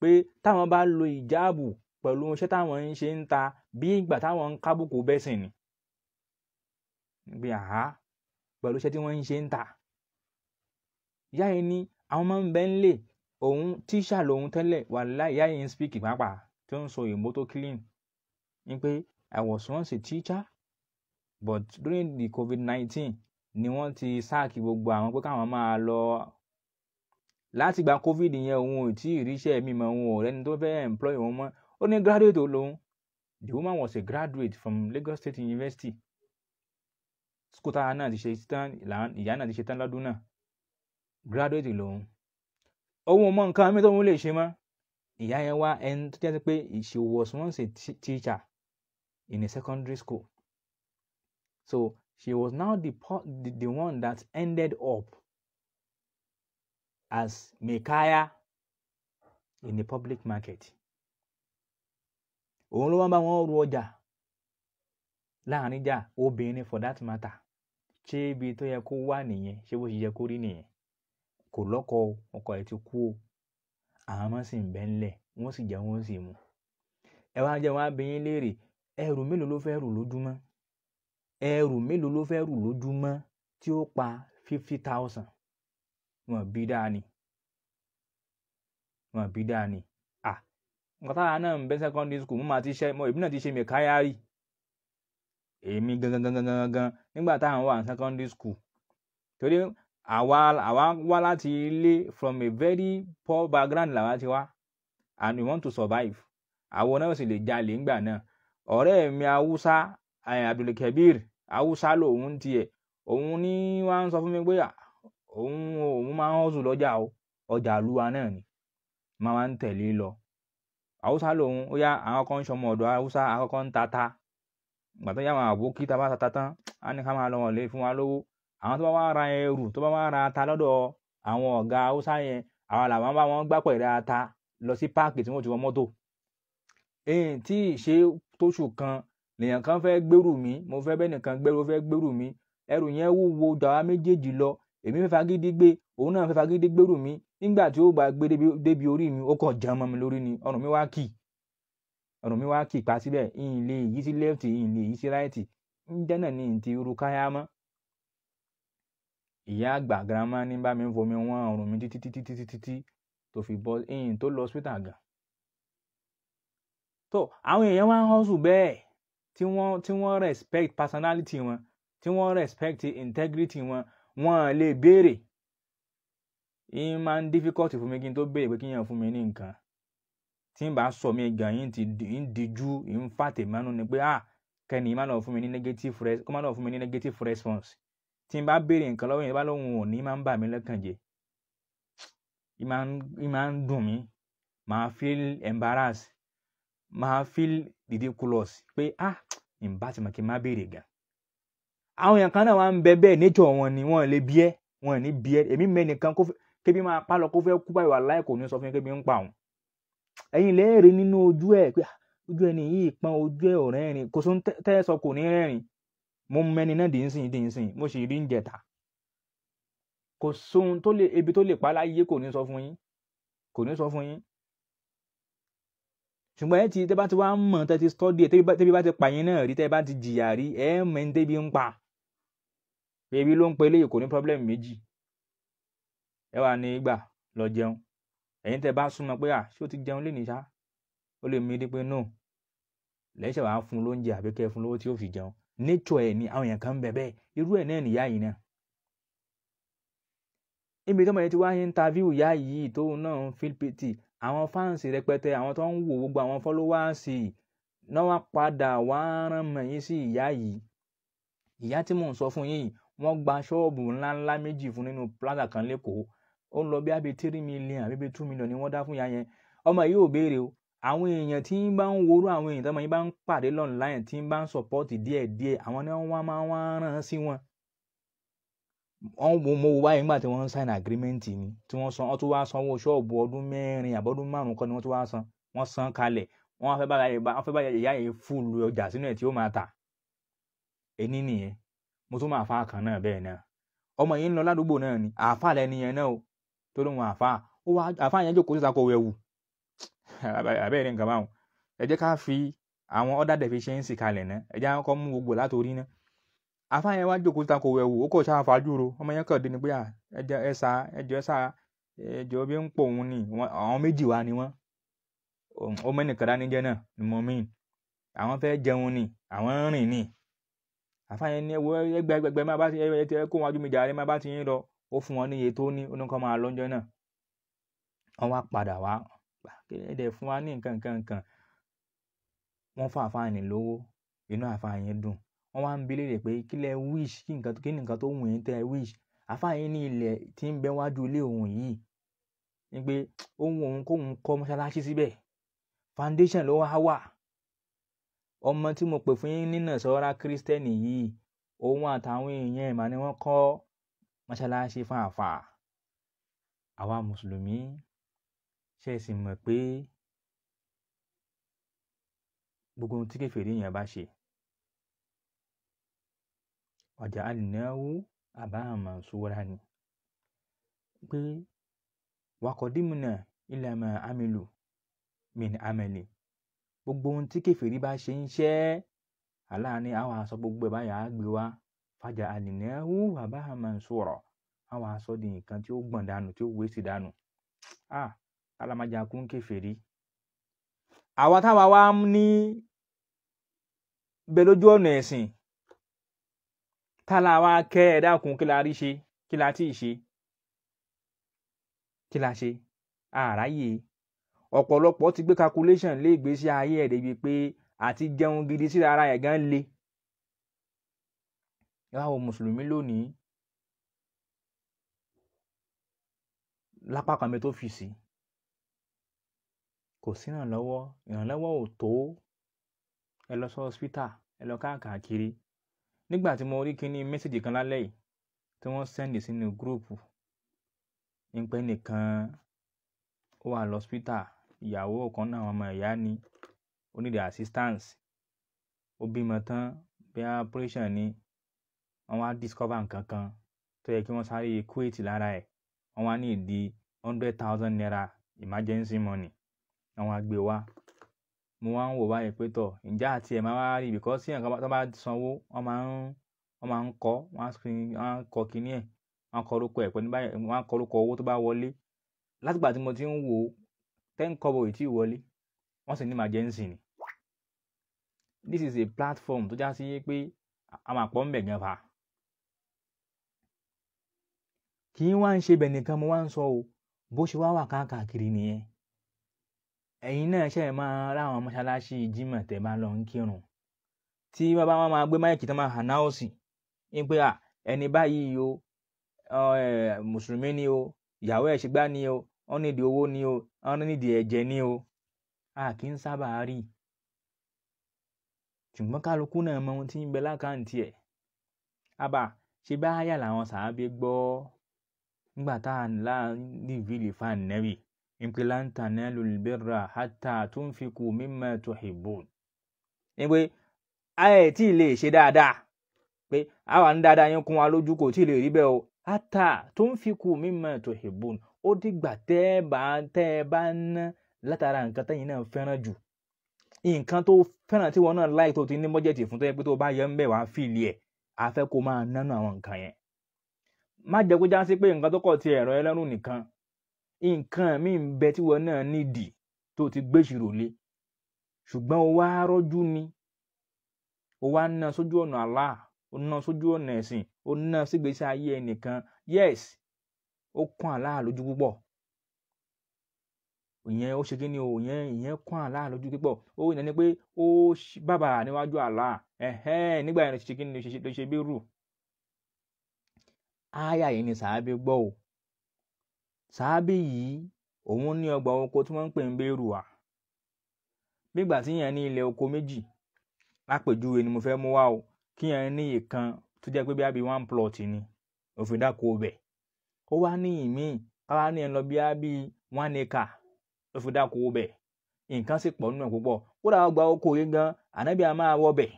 pé táwọn bá lo ìjáàbò pẹ̀lú iṣẹ́ táwọn ń ṣe ń ta bí ìgbà táwọn ń kábùkù bẹ́sìn ni bí àhá pẹ̀lú iṣẹ́ tí wọ́n ń ṣe ń ta ìyá yìí ní àwọn máa ń bẹ́ ń lè òun tíṣà lòun tẹ́lẹ̀ wàláhì ìyá yìí ń spíkì pàápàá tó ń sọ èèbó tó clean ní pé I was once a teacher but during the covid nineteen, ni wọ́n ti sáàkì gbogbo àwọn pé káwọn máa lọ láti gba COVID yẹn òun ò tí ì ríṣẹ́ mi mọ́ òun ò rẹ́ni tó fẹ́ employ òun mọ́ ó ní graduate ó lòun the woman was a graduate from Lagos State University skuta náà ti ṣe tán ìyá náà ti ṣe tán lọ́dún náà graduate lòun òun ò mọ nǹkan mi tóun lè ṣe mọ́ ìyá yẹn wá ẹni tó jẹ́ pé she was once a teacher in a secondary school. So she was now the, the, the one that ended up as Micaiah in the public market. òun ló wá bá wọn ru ọjà obìnrin for that matter ṣé ibi tó yẹ kó wà nìyẹn ṣé bó ṣe yẹ kó rí nìyẹn kò lọ́kọ ọkọ ẹ̀ ti kú o àwọn ọmọ sì ń bẹ wọ́n sì jẹ wọ́n sì mu ẹ wá jẹ wọn á léèrè ẹrù mélòó ló fẹ́ rù lójúmọ́ ẹrù mélòó ló fẹ́ rù lójúmọ́ tí ó pa fifty thousand wọn bí dáa ni wọn bí dáa ni à nǹkan táwa náà ń bẹ secondary school mo máa ti ṣe mo èmi náà ti ṣe mẹkáyárì èmi gangan gangan gangan nígbà táwọn wà ní secondary school torí àwa àwa wá láti ilé from a very poor background làwa ti wá and we want to survive àwọn náà sì lè jalè ńgbà náà ọ̀rẹ́ mi haúsá abdulkabir haúsá lòun tiẹ̀ òun ní wá ń sọ fún mi pé òun òun máa ń hustle lọ́jà o ọjà àlùwà náà ni máa ń tẹ̀lé lọ haúsá lòun ó yá àwọn ń sọmọ ọ̀dọ̀ haúsá àwọn ń tata ìgbà tó yá àwọn àbókí tá a bá tata tán á ní ká máa lọ wọn lè fún wa lówó àwọn tó bá wá ra ẹrù tó bá wá ra ata lọ́dọ̀ àwọn ọ̀gá haúsá yẹn àwọn làwọn bá wọn gbá pẹ̀lú ata lọ sí páàkì tí wọ́n ti wọ mọ́tò èyí tí ì ṣe tóṣù kan lèèyàn kan fẹ́ gbẹ́rù mi mo fẹ́ bẹ́ẹ̀ nìkan gbẹ́rù fẹ́ gbẹ́rù mi ẹrù yẹn wúwo dàwa méjèèjì lọ èmi fẹ́ fagídí gbé òun náà fẹ́ fagídí gbẹ́rù mi nígbà tí ó gbà gbé débi orí mi ó kàn jẹun mọ́ mi lórí ni ọrùn mi wá kì ọrùn mi wá kì pa síbẹ̀ ìyìn lè yí sí left ìyìn lè yí sí right ǹjẹ́ náà ni ìtì irú káyá mọ́ ìyá àgbà girama ní bá mi fomi wọn ọrùn mi títí títí títí tó fi bọ́ ìyìn tó lọ hospital gan so àwọn èèyàn máa ń hustle bẹ́ẹ̀ tí wọ́n tí wọ́n respect personality wọn tí wọ́n respect integrity wọn wọ́n lè béèrè yín máa ń difficult fún mi kí n tó béèrè pé kí yàn fún mi ní nǹkan tí n bá sọ mi gan yín ti dijú ń fà tèmánú ni pé ah kẹ́ni má lọ fún mi ní negative response kó má lọ fún mi ní negative response tí n bá béèrè nǹkan lọ́wọ́ yẹn bá lóun ò ní máa ń bà mí lọ́kàn jẹ́ ì máa ń dùn mí màá feel embarrassed máa feel ridiculous pé ah ìbá ti mọ̀ kí n má béèrè gan. àwọn èèyàn kan náà wà ń bẹ bẹ́ẹ̀ nature wọn ni wọ́n lè bí ẹ́ wọ́n ní bí ẹ́ èmi mẹ́nìkan kébi máa pa lọ kó fẹ́ kú báyìí wà láì kò ní sọ fún mi kébi ń pa òun. ẹ̀yin lẹ́ẹ̀rẹ́ nínú ojú ẹ̀ pé ah, ojú ẹni yìí pọ́n ojú ẹ̀ ò rẹ́rìn kò sóhun tẹ́ ẹ sọ kò ní rẹ́rìn mo mẹ́ni náà dìínsìn dìínsìn mo sì rí ń jẹ̀ta kò sóhun tó lè ebi tó lè pa láyé kò ní sọ fún yín kò ní sọ fún yín ṣùgbọ́n ẹ ti tẹ́ bá ti wá ń mọ̀ tẹ́ ti stọ́dí ẹ̀ tẹ́bí bá ti pààyàn náà rí tẹ́ bá ti jìyà rí ẹ̀ mọ̀ ní tẹ́bí ń pa ebi ló ń pe eléyìí kò ní problem méjì ẹ wà ní ìgbà lọ jẹun ẹ̀yin tẹ́ bá súnmọ́ pé à ṣé o ti jẹun lé nìṣá ó lè mí di pé no lẹ́sẹ̀ wàá fún lóúnjẹ àbí kẹ́ ẹ fún lówó tí ó fi jẹun nature ẹ̀ ni àwọn èèyàn kan ń bẹ bẹ́ẹ̀ irú ẹ̀ náà nìyá yìí náà ibi tọ́mọ yẹn ti wá interview ìyá yìí tóun náà ń feel pity àwọn fáǹsì rẹpẹtẹ àwọn tó ń wò gbogbo àwọn fọlọ́wáàsì náà wá padà wá rán mẹ̀yìn sí ìyá yìí ìyá tí mò ń sọ fún yìí wọ́n gba ṣọ́ọ̀bù ńláńlá méjì fún nínú plaza kan lẹ́kọ̀ọ́ ó ń lọ bí abẹ́ tírí mílíọ̀n àbí bíi tú mílíọ̀n ni wọ́n dá fún ìyá yẹn ọmọ yìí ò béèrè o àwọn èèyàn tí ń bá ń worú àwọn èèyàn tí wọ́n bá ń pàdé lọ́nà láyìn tí ń bá ń sọ̀pọ́ọ̀tì díẹ̀díẹ̀ àwọn ni wọ́n máa ń rán sí wọn wọ́n mọ owó báyìí nígbà tí wọ́n ń sign agreement ni tí wọ́n san wọ́n tún wá sanwó ṣọ́ọ̀bù ọdún mẹ́rin àbọ̀dún márùn-ún kọ́ ni wọ́n tún wá san wọ́n san kalẹ̀ wọ́n wá fẹ́ bá wọ́n fẹ́ bá ìyá yẹn fúlù ọjà sínú ẹ̀ tí ó máa tà ẹni nìyẹn mo tún máa fa kan náà bẹ́ẹ̀ náà ọmọ yìí ń lọ ládùúgbò náà ni àáfà lẹni yẹn náà o tó lóun àáfà ó wá àáfà yẹn jókòó síta kó wẹ̀ wù àbẹ́ẹ̀rẹ̀ nǹkan báwọn ẹ jẹ́ ká fi àwọn other deficiency kalẹ̀ náà ẹ jẹ́ ká kọ́ mú gbogbo látòrí náà àfáà yẹn wá jókòó ta kò wẹ̀ wò ó kò ṣáà fàájúro ọmọ yẹn kàn dé pé à ẹjọ ẹsà ẹjọ ẹsà ẹjọ bí ń pọ̀ òun ni àwọn méjì wá ni wọ́n ọmọ ẹnìkan dání jẹ́ náà ni mo mean àwọn fẹ́ jẹun ni àwọn ń rìn ni àfáà yẹn ní ẹwọ ẹgbẹgbẹgbẹ má bá ti ẹ kó wọn mi jàre má bá ti yín lọ ó fún wọn ní iye tó ní oníkan máa lọ́jọ́ náà wọ́n wá padà wá kéde fún wa ní nǹkan nǹkan nǹkan wọ́n fún àfáà yẹn lówó inú àfáà yẹn dùn wọ́n wá ń bi léèrè pé kí lẹ wish kí nǹkan kí nǹkan tó wù yín tẹ́ ẹ wish àfáà yín ní ilẹ̀ tí ń bẹ wájú ilé òun yìí ni pé ó wù òun kóun kọ́ mọ́ṣáláṣí síbẹ̀ foundation ló wá wà ọmọ tí mo pè fún yín nínà sọ́ra kírísítẹ́nì yìí òun àtàwọn èèyàn ìmọ̀ ni wọ́n kọ́ mọ́ṣáláṣí fàáfà àwa mùsùlùmí ṣe sì mọ̀ pé gbogbo ohun tí kèfèrí yẹn bá ṣe wàjà'alìnáhu àbá'an mansúra ni pé wàkọ̀dímùnà ilà mà amìlù min amẹ̀lì gbogbo ohun tí kẹfìrí bá ṣe ń ṣẹ́ Allah ni àwọn àṣọ gbogbo ẹ̀ báyà á gbé wá fàjà'alìnáhu àbá'an mansúra àwọn àṣọ di nǹkan tí ó gbọ̀n dànù tí ó wé sí dànù ah alamajà kẹfìrí àwa táwa wá ní bẹ lójú ọ̀nà ẹ̀sìn tálà wa kẹ́ ẹ dákun kí la rí ṣe kí la tí ì ṣe kí la ṣe àráyè ọ̀pọ̀lọpọ̀ ti gbé calculation lé ìgbésí ayé ẹ̀ débi pé àti jẹun gidi síra ara ẹ̀ gan le báwo mùsùlùmí lónìí lápá kan mi tó fi sí kò sí ìrànlọ́wọ́ ìrànlọ́wọ́ ò tó ẹ lọ sọ hospital ẹ lọ káàkiri nígbà tí mo rí kíní mẹ́sẹ̀gì kan lálẹ́ yìí tí wọ́n sẹ́ndì sínú gúrùpù nípa ẹnìkan ó wà lọ́spítà ìyàwó ọ̀kan náà àwọn ọmọ ìyá ni ó nílò assistance ó bímọ tán bí i ni wọ́n wá discover nǹkan kan tó yẹ kí wọ́n sáré equate lára ẹ̀ wọ́n wá ní ìdí hundred thousand naira emergency money wọ́n wá gbé wá mo wá ń wò báyìí pé tọ̀ ǹjẹ́ àti ẹ̀ máa wá rí because tí ẹ̀kan tó bá sanwó wọ́n máa ń wọ́n máa ń kọ́ wọ́n á kọ kíní ẹ̀ wọ́n á kọ orúkọ ẹ̀ pẹ̀lú báyìí wọ́n á kọ orúkọ owó tó bá wọlé látìgbà tí mo ti ń wò ten kobo ì tí ì wọlé wọ́n sì ní emergency ni this is a platform tó já sí pé a máa pọ̀ ń bẹ̀ gan fa kì í wá ń ṣe bẹ̀ nìkan mo wá ń sọ o bó ṣe wá wà káàkiri nìyẹn ẹ̀yin náà ṣe máa ráwọn mọ́ṣáláṣí Jímọ̀ tẹ́ bá lọ ń kírun tí bàbá wọn máa gbé máìkì tó máa hàn náà sí i pé ẹni báyìí o mùsùlùmí ni o ìyàwó ẹ̀ ṣègbà ni o wọ́n nídìí owó ni o wọ́n nídìí ẹ̀jẹ̀ ni o a kì í sábà rí i ṣùgbọ́n kálukú náà mọ ohun tí ń bẹ lákàntì ẹ̀ àbá ṣe bá yà làwọn sàábé gbọ́ nígbà tá à ń láàrín dìvílì fáànì nẹ́bì ìpè lan tanalu albirra hatta tunfiqu mimma tuhibbun ní pé ẹ tí ì lè ṣe dáadáa pé àwa ń dáadáa yẹn kún wa lójú kò tí ì lè rí bẹ́ẹ̀ o hatta tunfiqu mimma tuhibbun ó dìgbà tẹ́ ẹ bá tẹ́ ẹ bá ná látara nǹkan tẹ́yìn náà fẹ́ràn jù nǹkan tó fẹ́ràn tí wọn náà láì tó ti ní bọ́jẹ̀tì fún tó yẹ pé tó bá yẹ ń bẹ̀ wàá fìlì ẹ̀ a fẹ́ kó máa nánú àwọn nǹkan yẹn má jẹ́ kó já sí pé nǹkan tó kọ̀ ti ẹ̀rọ ẹlẹ́rù nìkan nǹkan mi ń bẹ tí wọn náà nídìí tó ti gbèsìrò lé ṣùgbọ́n o wá rọ́jú ni o wá ná sójú ọ̀nà Allah o ná sójú ọ̀nà ẹ̀sìn o ná sígbésí ayé ẹnìkan yes ó kún Allah lójú púpọ̀ ìyẹn ó ṣe kíni o ìyẹn ìyẹn kún Allah lójú púpọ̀ ó yẹn ni pé ó bàbà níwájú Allah ẹ̀hẹ́n nígbà yẹn ló ṣe kíni ló ṣe bí rù áyà yìí ni sàábé gbọ́ o sàábì yìí òun ní ọgbà oko tí wọ́n ń pè ń bẹ́rùà bígbà tí yẹn ní ilẹ̀ oko méjì lápèjúwe ni mo fẹ́ mú wá o kí yẹn ní ìkan tó jẹ́ pé bí àbí one plot ni òfin dáko bẹ̀ ó wá ní ìmíì káwá ní ẹ̀ lọ bí àbí one acre òfin dáko bẹ̀ nǹkan sì pọ̀ nínú ẹ̀ púpọ̀ kódà ọgbà oko yìí gan ànábì a máa wọ bẹ̀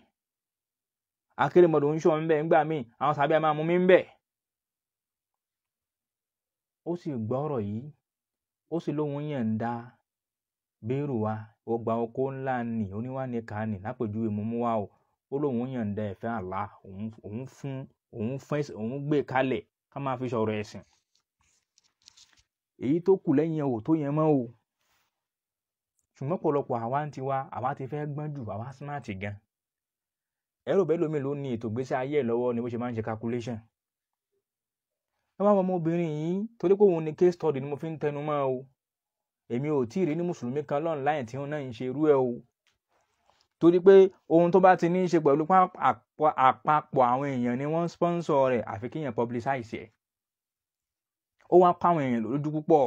akérèmọdò ń ṣọ́ ń bẹ̀ ńgbà míì àwọn sàbí máa mú mi ń bẹ̀ ó sì gbọ́ ọ̀rọ̀ yìí ó sì lóun yọ̀ǹda bẹ́rù wa ọgbà oko ńlá nì oníwánikà nì lápèjúwe mo mú wa o ó lóun yọ̀ǹda ẹ̀fẹ́ àlá òun fún òun fẹ́ òun gbé kalẹ̀ ká máa fi sọ̀rọ̀ ẹ̀sìn èyí tó kù lẹ́yìn ẹ̀ ò tó yẹn mọ́ o ṣùgbọ́n pọ̀lọpọ̀ àwa ń tiwa àwa ti fẹ́ gbọ́n jù àwa smart gan ẹ̀rọ bẹ́ẹ̀ lómi ló ní ètò ìgbésí ayé ẹ̀ lọ́wọ́ ni bó ṣe máa ń ṣe calculation ẹ wá wọ ọmọbìnrin yìí torí pé òun ni case study ni mo fi ń tẹnu mọ́ o èmi ò tí ì rí ní mùsùlùmí kan lọ́nà láì tí òun náà ń ṣe irú ẹ̀ o torí pé ohun tó bá ti ní í ṣe pẹ̀lú àpapọ̀ àwọn èèyàn ni wọ́n sponsor rẹ̀ àfi kéèyàn publicize ẹ̀ ó wá pa àwọn èèyàn lójú púpọ̀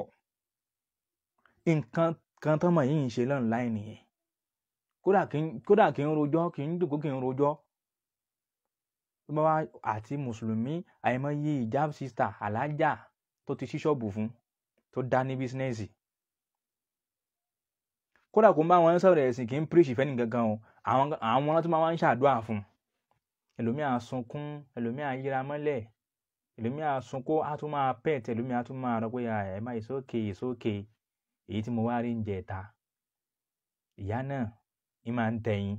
nǹkan kan tọ́mọ yìí ń ṣe lọ́nà láì nìyẹn kódà kí ń rojọ́ kí ń dùnkú kí ń rojọ́ tó bá wá àti mùsùlùmí àìmọye ìjáàbù sísítà alájà tó ti ṣí ṣọ́ọ̀bù fún tó dá ní bísínẹ́sì kódà kó ń bá wọn sọ̀rọ̀ ẹ̀sìn kì í píríṣì fẹ́ nìkankan o àwọn tó máa ń ṣàdúrà fún ẹlòmíà sunkún ẹlòmíà yíra mọ́lẹ̀ ẹlòmíà sunkún á tún máa pẹ̀t ẹlòmíà tún máa rọ pé ẹ má it's okay it's okay èyí tí mo wá rí ń jẹ ẹ̀ta ìyá náà ni máa ń tẹ̀yìn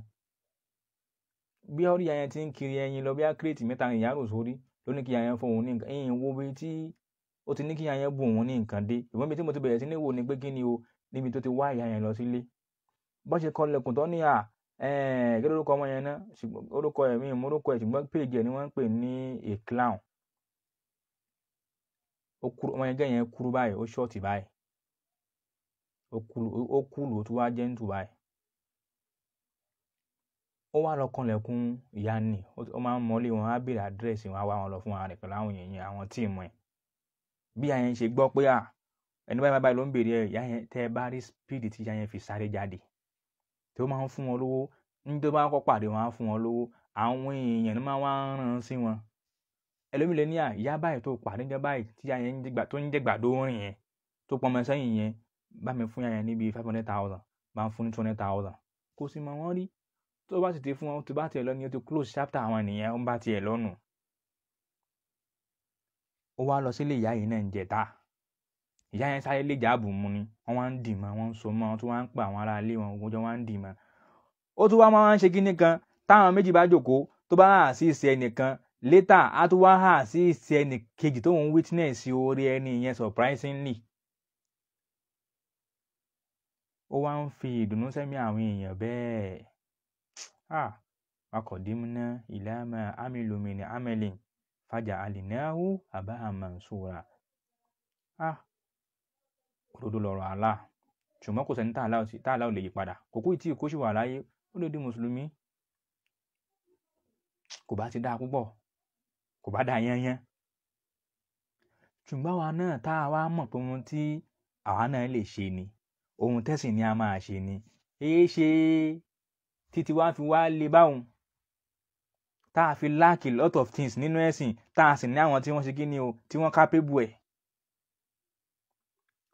bí ọrí yàyẹn ti ń kiri ẹyin lọ bí akírètì mẹ́ta ìyá rò sórí ló ní kí yàyẹn fún òun ní nǹkan ẹyin wo bí tí ó ti ní kí yàyẹn bù òun ní nǹkan dé ìwọ́n mi tí mo ti bẹ̀rẹ̀ sí ní wò ni pé kí ni o níbi tó ti wá ìyá yẹn lọ sílé bó ṣe kọ lẹ̀kùn tó ní à kí ló orúkọ ọmọ yẹn ná orúkọ ẹ̀mí ìmú orúkọ ẹ̀ ṣùgbọ́n péèjì ẹ̀ ni wọ́n ń pè ní a clown ọmọ yẹn gẹ́yẹn kúrú báyìí ó ṣọ́ọ̀tì báyìí ó kúlù ó tún wá jẹ́ńtù báyìí ó wá lọ kanlẹ̀kùn ìyá ni ó máa ń mọlé wọn á béèrè àdírẹ́sì wọn á wá wọn lọ fún ara rẹ̀ pẹ̀lú àwọn èèyàn àwọn tíìmù ẹ̀ bí ìyá yẹn ṣe gbọ́ pé à ẹni báyìí báyìí ló ń béèrè ìyá yẹn tẹ́ ẹ bá rí speed tí ìyá yẹn fi sáré jáde tó máa ń fún wọn lówó níbi tó bá kọ́ pàdé wọn á fún wọn lówó àwọn èèyàn ló máa wá ń ràn sí wọn ẹlòmíì lè ní à ìyá báyìí tó pàdé jẹ báyìí tí ìyá yẹn tó bá sì ti fún wọn tó bá tiẹ̀ lọ ni ó ti close chapter àwọn nìyẹn ó ń bá tiẹ̀ lọ́nu ó wá lọ sílé ìyá yìí náà ń jẹta ìyá yẹn sáré lè jáàbù mu ni wọ́n wá ń dì mọ́ wọ́n ń so mọ́ tó wá ń pa àwọn ará ilé wọn ògùnjọ wá ń dì mọ́ ó tún wá máa ń ṣe kíní kan táwọn méjì bá jókòó tó bá hà sí ìsẹ ẹnìkan létà á tún wá hà sí ìsẹ ẹnìkejì tó ń witness orí ẹni yẹn surprisingly ó wá ń fi ìdùnnú sẹ́mi àwọn èèyàn bẹ́ẹ̀ Ah! وقدمنا إلى ما عملوا من عمل فجعلناه هباء منثورا. a Òdodo lọ̀rọ̀ Allah. Ṣùgbọ́n kò sẹ́ni tá Allah ò lè yí padà. Kò kú ìtí ìkó ṣì wà láyé. Ó lè di Mùsùlùmí. Kò bá ti dáa púpọ̀. Kò bá dáa yányán. Ṣùgbọ́n àwa náà tá a wá mọ̀ pé ohun tí àwa náà lè ṣe ni. Ohun tẹ́sìn ni a máa ṣe ni. Èé ṣe títí wá fi wá le báwọn tá a fi lack a lot of things nínú ẹ̀sìn tá a sì ní àwọn tí wọ́n ṣe kíni o tí wọ́n capable ẹ̀.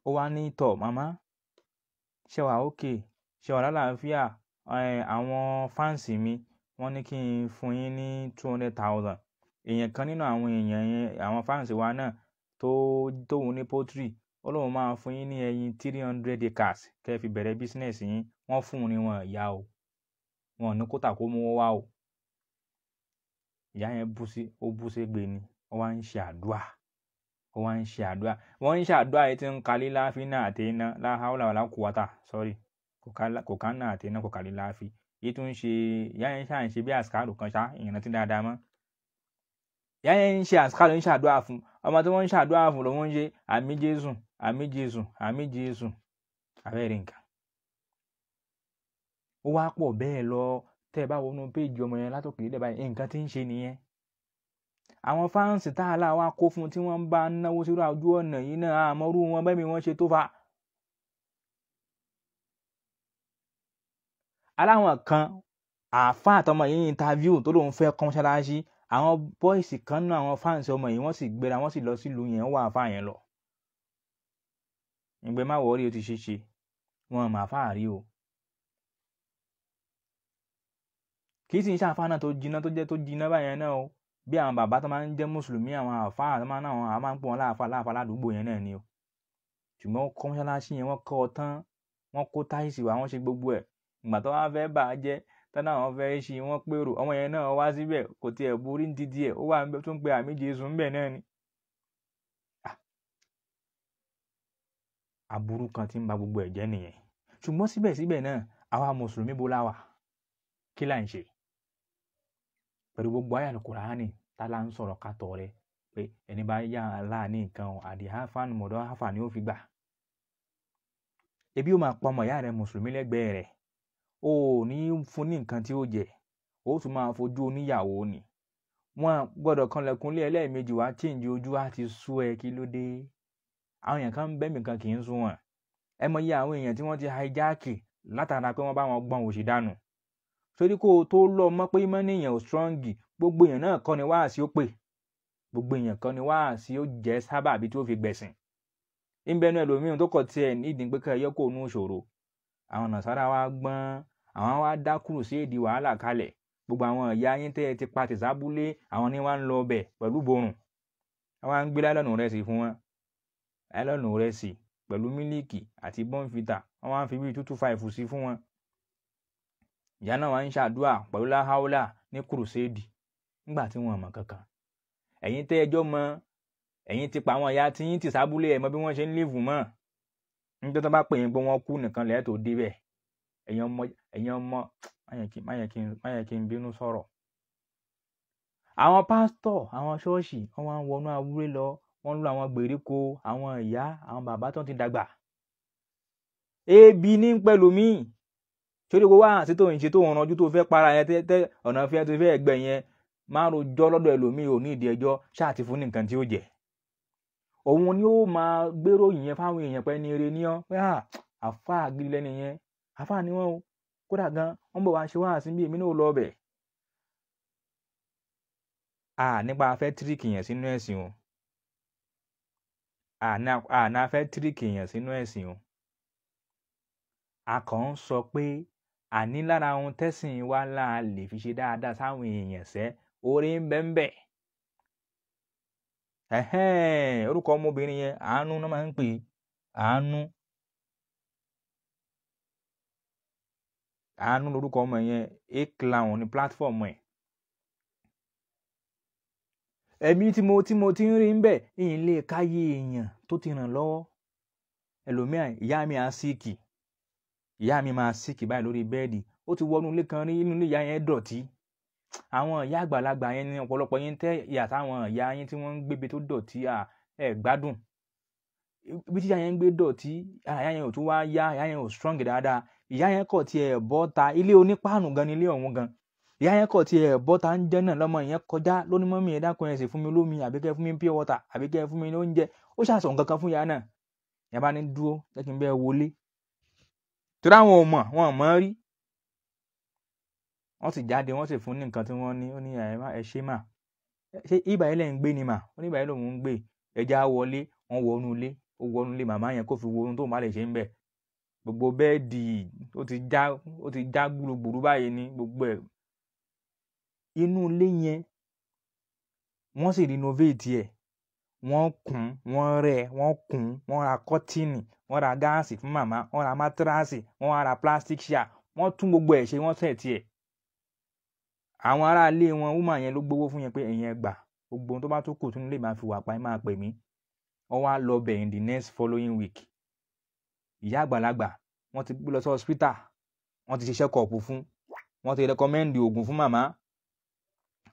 ó wá ní tọ̀ màmá ṣe wà ókè ṣe wà lálàáfíà àwọn fáǹsì mi wọ́n ní kí n fún yín ní two hundred thousand èèyàn kan nínú àwọn èèyàn yẹn àwọn fáǹsì wa náà tó tóun ní poultry ó lóun máa fún yín ní ẹyin three hundred acres kẹ́ fi bẹ̀rẹ̀ business yín wọ́n fún un ní wọn ìyá o wọn ò ní kótà kó mú wá o ìyá yẹn bú sí ó bú sí gbé ni ó wá ń ṣe àdúrà ó wá ń ṣe àdúrà wọ́n ń ṣe àdúrà yìí tí ń kalí láàfin náà àti iná láhàólà wàlá kùwàtà sọ́rí kò ká náà àti iná kò kalí láàfin yìí tún ṣe ìyá yẹn ṣáà ń ṣe bí àsìkárò kan ṣá ìrántí dáadáa mọ́ ìyá yẹn ń ṣe àsìkárò ń ṣàdúrà fún ọmọ tí wọ́n ń ṣàdúrà fún lọ́wọ́ ń ṣe àmì Jésù àmì Jésù àmì Jésù àbẹ́rẹ́ nǹkan ó wá pọ̀ bẹ́ẹ̀ lọ tẹ́ ẹ bá wọnú péjì ọmọ yẹn látòkè ilẹ̀ báyìí nǹkan tí ń ṣe nìyẹn àwọn fáǹsì tá a là wá kó fún tí wọ́n bá ń náwó sírú ojú ọ̀nà yìí náà àmọ́rú wọn bẹ́ẹ̀ mi wọ́n ṣe tó fa. aláwọn kan àáfà àtọmọ yìí ní interview tó lóun fẹ́ kọ́ mọ́ṣáláṣí àwọn bọ́ìsì kan náà àwọn fáǹsì ọmọ yìí wọ́n sì gbéra wọ́n sì lọ sílùú yẹn wà àáfà yẹn lọ. ìgbẹ́ má wọrí o ti ṣe ṣe wọn mà fáà rí o kì í sì ń ṣàfà náà tó jiná tó jẹ́ tó jiná báyẹn náà o bí àwọn bàbá tó máa ń jẹ́ mùsùlùmí àwọn àfa àtọ́mọ náà àwọn àmà ń pọ̀ wọn láàfa láàfa ládùúgbò yẹn náà ni o ṣùgbọ́n wọ́n kọ́ mọ́ṣáláṣí yẹn wọ́n kọ́ ọ tán wọ́n kó táìsì wá wọ́n ṣe gbogbo ẹ̀ ìgbà tó wá fẹ́ bà á jẹ́ tọ́lá àwọn fẹ́ ṣe wọ́n pérò ọmọ yẹn náà wá síbẹ̀ kò tiẹ̀ borí ní dídí ẹ̀ ó wà tó ń pe àmì Jésù ń náà ni. Ah! aburú kan ti ń ba gbogbo ẹ̀ jẹ́ nìyẹn ṣùgbọ́n síbẹ̀síbẹ̀ náà àwa mùsùlùmí bo la kí là ṣe pẹ̀lú gbogbo àyà ya kùránì tá a lá ń sọ̀rọ̀ ká rẹ pé ẹni bá yá aláàní nǹkan o àdìhá fáànù mọ̀dọ́ háfà ni ó fi gbà ebi ó máa pa ọmọ ìyá rẹ mùsùlùmí lẹ́gbẹ̀ẹ́ rẹ̀ o ò ní fún ní nǹkan tí ó jẹ o tún máa fojú oníyàwó ni wọn gbọdọ kan lẹ̀kùnlé ẹlẹ́ẹ̀mejì wá chíǹjì ojú á ti sú ẹ kí ló dé àwọn èèyàn kan kan kì wọn ti hijack látara pé wọ́n bá wọn gbọ́n òṣì dànù torí kó o tó lọ mọ̀ pé mọ́ nìyẹn ò strọ́ǹgì gbogbo èèyàn náà kọ́ ni wáàsí ó pè gbogbo èèyàn kọ́ ni wáàsí ó jẹ́ sábàbí tí ó fi gbẹ̀sìn ìbẹnu ẹlòmíràn tó kọ̀ tiẹ̀ nídìí pé kẹ́ẹ̀ yọ kó onú ṣòro àwọn nàṣàrà wa gbọ́n àwọn wa dá kúrò sí èdè wàhálà kalẹ̀ gbogbo àwọn ìyá yín tẹ́ ẹ ti pa tìsábúlé àwọn ni wá ń lọ ọbẹ̀ pẹ̀lú borùn àwọn ń gbé lálọ́nù rẹ̀ sí fún wọn lálọ́nù rẹ̀ sí pẹ̀lú mílíìkì àti bọ́ǹfìtà wọ́n wá ń fi bíi tútù sí fún wọn ìyá náà wá ń ṣàdúrà pẹ̀lú láháólà ní kùrùsẹ́ẹ̀dì nígbà tí wọn mọ̀ kankan ẹ̀yin tẹ́ ẹjọ́ mọ ẹ̀yin ti pa àwọn ìyá tí yín ti sábúlé ẹ̀ mọ bí wọ́n ṣe ń léèvù mọ́ nítorí tó bá pè yín pé wọ́n kú nìkan lẹ́yìn tó débẹ̀ ẹ̀yin ọmọ ẹ̀yin ọmọ máyẹ̀ kí n bínú sọ̀rọ̀ àwọn pásítọ̀ àwọn ṣọ́ọ̀ṣì wọ́n wá ń wọnú awúré lọ wọ́n ń àwọn gbèríko àwọn ìyá àwọn bàbá tó ti dàgbà ebi ní pẹ̀lú míì sórí gbogbo àǹsí tó ń ṣe tó ń ranjú tó fẹ́ para yẹn tẹ́tẹ́ ọ̀nà fẹ́ tó fẹ́ ẹgbẹ́ yẹn máa rojọ́ lọ́dọ̀ ẹlòmíì ò ní ìdí ẹjọ́ ṣáà ti fún ní nǹkan tí ó jẹ́ òun ni ó máa gbèrò yìnyẹn fáwọn èèyàn pẹ́ ní eré níyàn pé àfa àgìrì lẹ́nu yẹn àfa ni wọ́n o kódà gan wọ́n bọ̀ wá ṣe wá àsìnbí èmi náà lọ ọbẹ̀ a nípa afẹ́ tíríkì yẹn sínú ẹ̀sìn o àná afẹ́ tíríkì yẹn sínú ẹ̀sìn o a kàn ń sọ pé ní lára ohun tẹ́sìn wa la lè fi ṣe dáadáa sáwọn èèyàn sẹ́ orí ń bẹ ń bẹ orúkọ ọmọbìnrin yẹn àánú náà máa ń pè àánú àánú lorúkọ ọmọ yẹn aclown ní platform ẹ ẹ̀mí tí mo tí mo ti ń rí ń bẹ̀ lè káyé èèyàn tó ti ràn lọ́wọ́ ìyá mi á ìyá mi máa síkì báyìí lórí bẹ́ẹ̀dì ó ti wọnú ilé kan rí inú ilé ìyá yẹn dọ̀tí àwọn ìyá àgbàlagbà yẹn ni ọ̀pọ̀lọpọ̀ yẹn tẹ́ ìyá táwọn ìyá yẹn tí wọ́n ń gbébe tó dọ̀tí à ẹ̀ gbádùn ibi tí ìyá yẹn ń gbé dọ̀tí ìyá yẹn ò tún wá yá ìyá yẹn ò strong dáadáa ìyá yẹn kọ̀ tiẹ̀ bọ́ ta ilé onípáànù gan ni ilé ọ̀hún gan ìyá yẹn kọ̀ tiẹ̀ bọ́ ta ń jẹ́ náà lọ́mọ yẹn kọjá lónìí mọ́mí ẹ̀ dákun ẹ̀ fún mi lómi àbíkẹ́ fún mi pure water àbíkẹ́ fún mi lóúnjẹ ó ṣàṣọ̀ nǹkan kan fún ìyá náà ìyá bá ní dúró jẹ́ bẹ́ẹ̀ wọlé torí àwọn ò mọ̀ wọn ò mọ̀ rí wọ́n sì jáde wọ́n sì fún ní nǹkan tí wọ́n ní ó ní ẹ ṣe mà ṣé ibà yìí ń gbé ni mà ó ní ibà yìí ń gbé ẹja wọlé wọ́n wọnú ilé ó wọnú ilé màmá yẹn kó fi wo ohun tó lè ṣe ń bẹ̀ gbogbo bẹ́ẹ̀dì ó ti já ó ti já gbúrúgbúrú báyìí ní gbogbo ẹ̀ inú ilé yẹn wọ́n sì renovate ẹ̀ wọ́n kùn wọ́n rẹ̀ wọ́n kùn wọ́n ra kọ́tìnì wọ́n ra gáàsì fún màmá wọ́n ra mátíráàsì wọ́n wá ra plastic chair wọ́n tún gbogbo ẹ̀ ṣe wọ́n sẹ̀ tiẹ̀ àwọn aráalé wọn wúmà yẹn ló gbowó fún yẹn pé ẹ̀yin ẹ gbà gbogbo ohun tó bá tún kù tún lè máa fi wà pa ẹ máa pè mí wọ́n wá lọ bẹ̀ in the next following week ìyá àgbàlagbà wọ́n ti gbé lọ sí hospital wọ́n ti ṣe check up fún wọ́n ti recommend oògùn fún màmá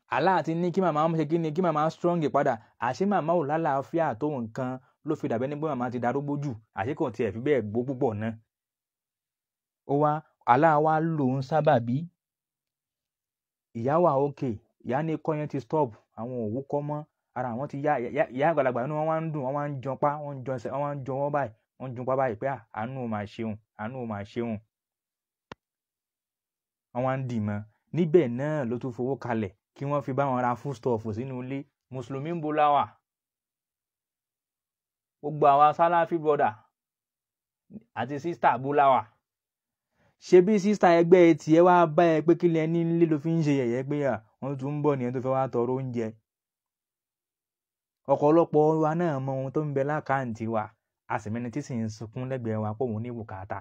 Allah ti ní kí màmá ń ṣe kí ni kí màmá strong padà àṣé màmá ò lálàáfíà tó nǹkan ló fi dàbẹ́ ní pé màmá ti darúgbó jù àṣé kò tiẹ̀ fi bẹ́ẹ̀ gbó púpọ̀ náà. ó wá Allah lò ń sábàbí ìyá wà òkè ìyá ní ikọ́ yẹn ti stop àwọn òwú kọ́ mọ́ ara àwọn ti yá ìyá àgbàlagbà inú wọn wá ń dùn wọn wá ń jọ pa wọn ń jọ wọn báyìí wọn ń jọ pa báyìí pé àánú ò máa ṣeun àánú ò máa ṣeun wọn wá ń dì mọ́ níbẹ̀ náà ló tún fowó kalẹ̀ kí wọ́n fi bá wọn ra foodstuff sínú ilé mùsùlùmí ń bo láwà gbogbo àwa sálàfí brọ́dà àti sísítà bo láwà ṣe bí sísítà ẹgbẹ́ etí ẹ wá bá ẹ pé kílẹ̀ ní ilé ló fi ń ṣe yẹ̀yẹ́ pé wọ́n tún ń bọ̀ nìyẹn tó fẹ́ wá tọrọ oúnjẹ ọ̀pọ̀lọpọ̀ wa náà mọ ohun tó ń bẹ lákàǹtì wa a sì mẹni tí sì ń sunkún lẹ́gbẹ̀ẹ́ wa pòun ní bùkátà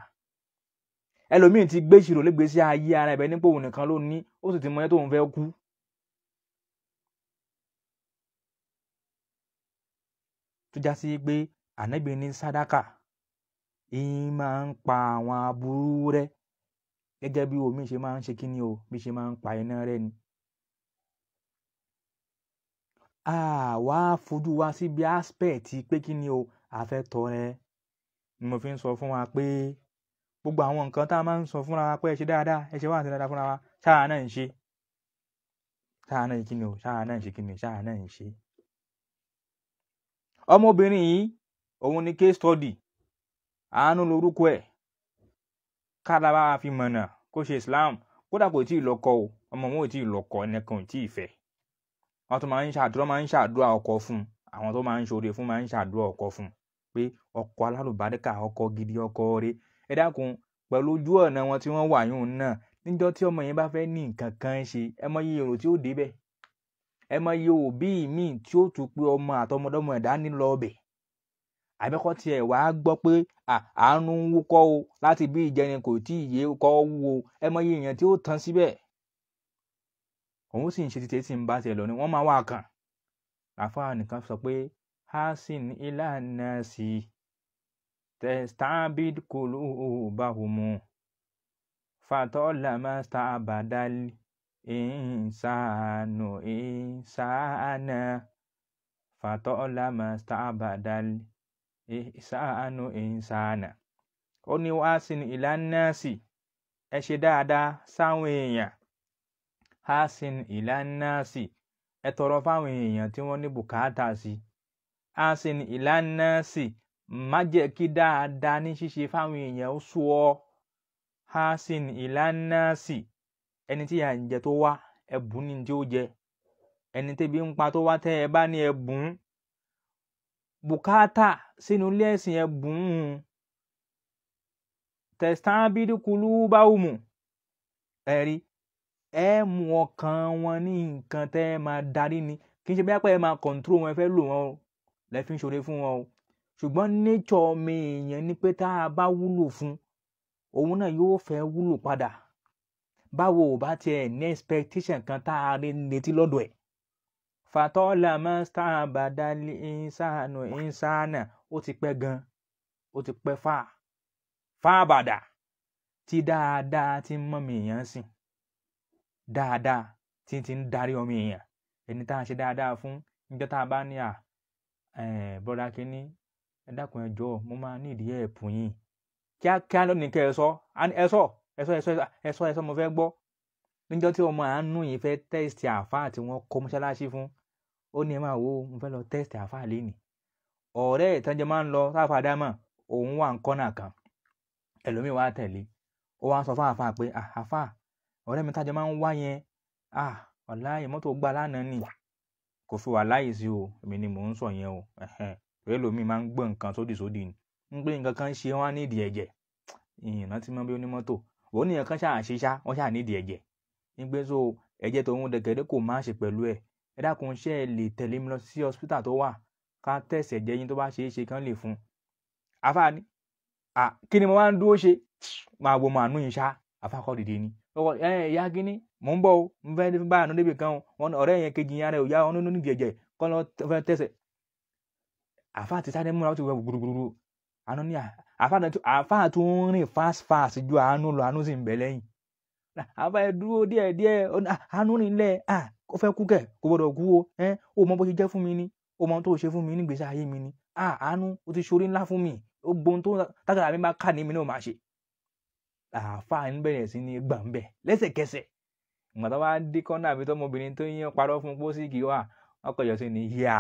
ẹlòmíì ti gbé ìṣirò lẹ́gbẹ̀ẹ́ sí ayé ara ẹ̀bẹ̀ nípò òun nìkan ló ní ó sì ti mọ ẹ́ tóun fẹ́ kú tó já sí pé ànábì ní sádàkà ìyìn máa ń pa àwọn aburú rẹ gẹ́gẹ́ bí omi ṣe máa ń ṣe kíni o bí ṣe máa ń pa iná rẹ ni. àwa fojú wa síbi aspect pé kíni o àfẹ́tọ̀ rẹ ni mo fi ń sọ fún wa pé gbogbo àwọn nǹkan tá a máa ń sọ fúnra wa pé ẹ ṣe dáadáa ẹ ṣe wá àti dáadáa fúnra wa ṣáà náà ń ṣe ṣáà náà ń kíni o ṣáà náà ń ṣe kíni o ṣáà náà ń ṣe ọmọbìnrin yìí òun ni case study àánú lorúkọ ẹ̀ kára bá fi mọ̀nà kó ṣe Islam kódà kò tí ì lọ́kọ o ọmọ wọn ò tí ì lọ́kọ ẹnìkan ò tí ì fẹ́ wọn tún máa ń ṣàdúrà máa ń ṣàdúrà ọkọ fún un àwọn tó máa ń ṣoore fún máa ń ṣàdúrà ọkọ fún un pé ọkọ alálùbáríkà ọkọ gidi ọkọ rẹ ẹ dákun pẹ̀lú ojú ọ̀nà wọn tí wọ́n wà yóò náà níjọ́ tí ọmọ yẹn bá fẹ́ ní nǹkan kan ṣe ẹ mọ èrò tí ó débẹ̀ ẹ mọ iye òbí mi tí ó tún pé ọmọ àtọmọdọmọ ẹ̀dá nílọ ọbẹ̀ àbẹ́kọ́ tiẹ̀ wá gbọ́ pé àánú ń wúkọ́ o láti bí ìjẹrin kò tí ì yé kọ́ wú o ẹ mọ iye èèyàn tí ó tán síbẹ̀ òun sì ń ṣe títí tí ń bá tiẹ̀ lọ ni wọ́n máa wá kàn àfáà nìkan sọ pé hasin ìlànà sí testabid kolo bá wò mu fatọ́lá máa àbádálì insanu insana fatolama stabadal insanu insana ó ní wá sí ní ìlànàsì ẹ ṣe dáadáa sáwọn èèyàn á sí ní ìlànàsì ẹ tọrọ fáwọn èèyàn tí wọ́n ní bùkátà sí á sí ní ìlànàsì má jẹ́ kí dáadáa ní ṣíṣe fáwọn èèyàn ó sú ọ á sí ní ìlànàsì ẹni tí ìyà ń jẹ tó wá ẹ bùn ní tí ó jẹ ẹni tẹ́bi ń pa tó wá tẹ́ ẹ bá ní ẹ bùkátà sínú ilé ẹ̀sìn ẹ bùn ún tẹ̀sán bá wù mù ẹ ẹ mú ọkàn wọn ní nǹkan tẹ́ ẹ máa darí ni kì í ṣe bẹ́ẹ̀ pé ẹ máa kọ̀ǹtúrò wọn ẹ fẹ́ lò wọn o lẹ fi ń ṣoore fún wọn o ṣùgbọ́n nature ọmọ èèyàn ni pé tá a bá wúlò fún òun náà yóò fẹ́ wúlò padà báwo ò bá tiẹ̀ ní expectation kan tá a rí retí lọ́dọ̀ ẹ̀. fatọ́lá mọ́sítà àbádálí ìsànù ó ti pẹ́ gan ó ti pẹ́ fa fàbàdà tí dáadáa ti ń mọ́mi èèyàn sìn dáadáa tí ti ń darí ọmọ èèyàn ẹni tá a ṣe dáadáa fún níjọ́ tá a bá ní à bọ́dà kínní ẹ dákun ẹ jọ̀ọ́ mo máa ní ìdí ẹ̀pù yín kíákíá lónìí kẹ́ ẹ sọ ẹ sọ ẹsọ ẹsọ ẹsọ ẹsọ mo fẹ́ gbọ́ níjọ́ tí ọmọ àánú yìí fẹ́ tẹ́sítì àáfàá tí wọ́n kọ́ mọ́ṣáláṣí fún ó ní ẹ máa wo mo fẹ́ lọ tẹ́sítì àáfàá lénìí ọ̀rẹ́ ìtànjẹ máa ń lọ sáfà dámà òun wà ń kọ́nà kan ẹlòmíì wá tẹ̀lé ó wá sọ fún àáfàá pé àáfàá ọ̀rẹ́ mi tàjọ máa ń wá yẹn ah wàláyé mọ́tò gbà lánàá nì kò fi wàláyé sí o èmi ni mò ń sọ yẹn o pé lómi máa ń gbọ́ nǹkan sódìsódì ń gbé nǹkan kan ṣe wọ́n á ní ìdí ẹ̀jẹ̀ ìyìnà tí bí onímọ́tò òun nìyẹn kan ṣáà ṣiṣá wọ́n ṣáà nídìí ẹ̀jẹ̀ ní pé so ẹ̀jẹ̀ tó ń dẹ̀kẹ̀dẹ̀ kò má ṣe pẹ̀lú ẹ̀ ẹ dákun ṣe é lè tẹ̀lé mi lọ sí hospital tó wà ká tẹ̀sẹ̀ jẹ́ yín tó bá ṣeé ṣe kán lè fún un. àfa ni à kí ni mo máa ń dúró ṣe máa wo màánú yìí ṣá àfa kọ́ dìde ni ọkọ ẹ ìyá gíní mò ń bọ̀ o mo fẹ́ bá àánú débi kan o ọ̀rẹ́ yẹn kejì yẹn ò yá ọ nínú nídìí ẹ̀jẹ̀ kọ́ lọ fẹ́ tẹ̀sẹ̀ àfa ti sáré múra ó ti wẹ̀ gbùrùgbùrù àánú ní àfáà tó ń rìn fast fast ju àánú lọ àánú sì ń bẹ lẹ́yìn àfáà dúró díẹ̀ díẹ̀ àánú rìn lẹ̀ à ó fẹ́ kú kẹ̀ kò gbọdọ̀ kú o ẹ́ o mọ bó ṣe jẹ́ fún mi ni o mọ tó o ṣe fún mi nígbèésí ayé mi ni àánú o ti ṣorí ńlá fún mi o gbóhun tó tákàlà mi máa kà ní mi náà máa ṣe àfáà ń bẹ̀rẹ̀ sí ní gbà ń bẹ̀ lẹ́sẹ̀kẹsẹ̀ ìgbà tó bá dé kọ́nà àbí tọmọbìnrin tó yín parọ́ fún pósíkì wà ọkọ̀ ìyọ̀sìn ni yà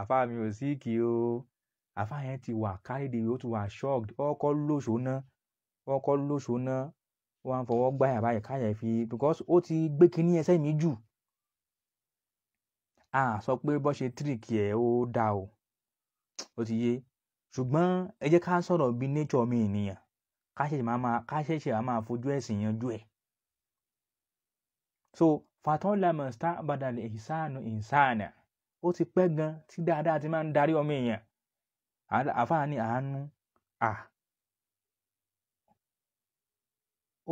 àfáà mi ò síkì o àfa yẹn ti wà káyédè ó ti wà shocked ọkọ lóṣù ná ọkọ lóṣù ná wọn á fọwọ́ gbáyà báyìí káyà fi because ó ti gbé kinní ẹsẹ̀ mi jù a sọ pé bó ṣe tírìkì ẹ̀ ó dá o ó ti yé ṣùgbọ́n ẹ jẹ́ ká sọ̀rọ̀ bí nature mi ènìyàn ká ṣẹ̀ṣẹ̀ máa ká ṣẹ̀ṣẹ̀ máa fojú ẹ̀sìn yanjú ẹ̀ so fatan lamọ star badal ihsanu insana ó ti pẹ́ gan tí dáadáa ti máa ń darí ọmọ èèyàn àfáà ní àánú à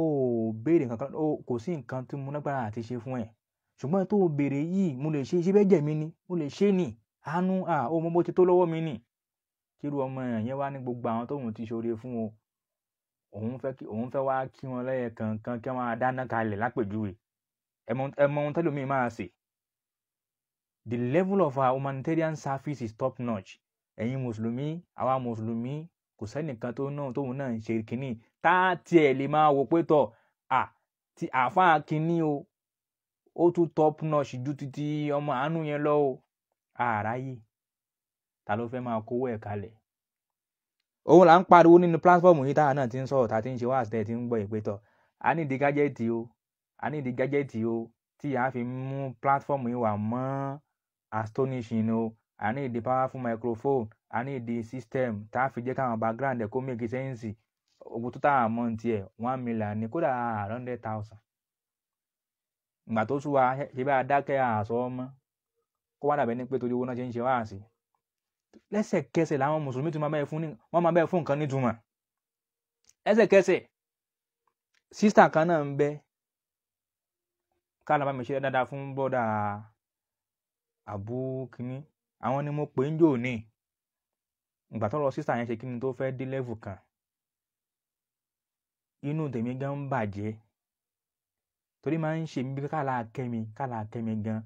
ó béèrè nǹkan ó kò sí nǹkan tí mo lágbára àti ṣe fún ẹ ṣùgbọ́n tó o yìí mo lè ṣe ṣe bẹ́ẹ̀ jẹ̀mí ni mo lè ṣe ni àánú à ó mo bó ti tó lọ́wọ́ mi ni kíru ọmọ èèyàn yẹn wá ní gbogbo àwọn tóun ti ṣoore fún o òun fẹ́ kí òun fẹ́ wá kí wọn lẹ́yẹ kankan kí wọ́n dáná kalẹ̀ lápèjúwe ẹ mọ ohun tẹ́lómi máa ṣe the level of our humanitarian service is top notch ẹ̀yin mùsùlùmí àwa mùsùlùmí kò sẹ́nìkan tó náà tóun náà ń ṣe kínní tá a tiẹ̀ lè máa wò pé tọ̀ à ti àáfàá kínní o ó tún top notch ju titi ọmọ àánú yẹn lọ o àráyè ta ló fẹ́ máa kówó ẹ̀ kalẹ̀ òun là ń pariwo nínú pílátífọ́ọ̀mù yìí táwa náà ti ń sọ̀rọ̀ tá a ti ń ṣe wáàsí tẹ̀ tí ń gbọ́ ìpè tọ̀ a ní ìdí gájẹ́ẹ̀tì o a ní ìdí gájẹ́ẹ̀tì o tí a fi mú pílátífọ́ọ̀mù yìí wà mọ́ astonishing o I need the powerful microphone I need the system tá a fi jẹ́ káwọn background ẹ̀ kó make sense owó tó tá a mọ̀ ní tiẹ̀ one million ní kódà one hundred thousand ìgbà tó sú wa ṣe bá a dákẹ́ àṣọ ọmọ kó wá dàbẹ́ ní pé torí owó náà ṣe ń ṣe wá sí lẹ́sẹ̀kẹsẹ̀ làwọn mùsùlùmí tún máa bẹ́ẹ̀ fún wọ́n máa bẹ́ẹ̀ fún nǹkan nítumọ̀ lẹ́sẹ̀kẹsẹ̀ sísítà kan náà ń bẹ ká bá mi ṣe dáadáa fún bọ́dà àbú àwọn ni mo pè ń jò ní ìgbà tọ́rọ̀ sísà yẹn ṣe kí ni tó fẹ́ dé level kan inú tèmi gan ń bàjẹ́ torí máa ń ṣe mí bí kálá kẹ́mi kálá kẹ́mi gan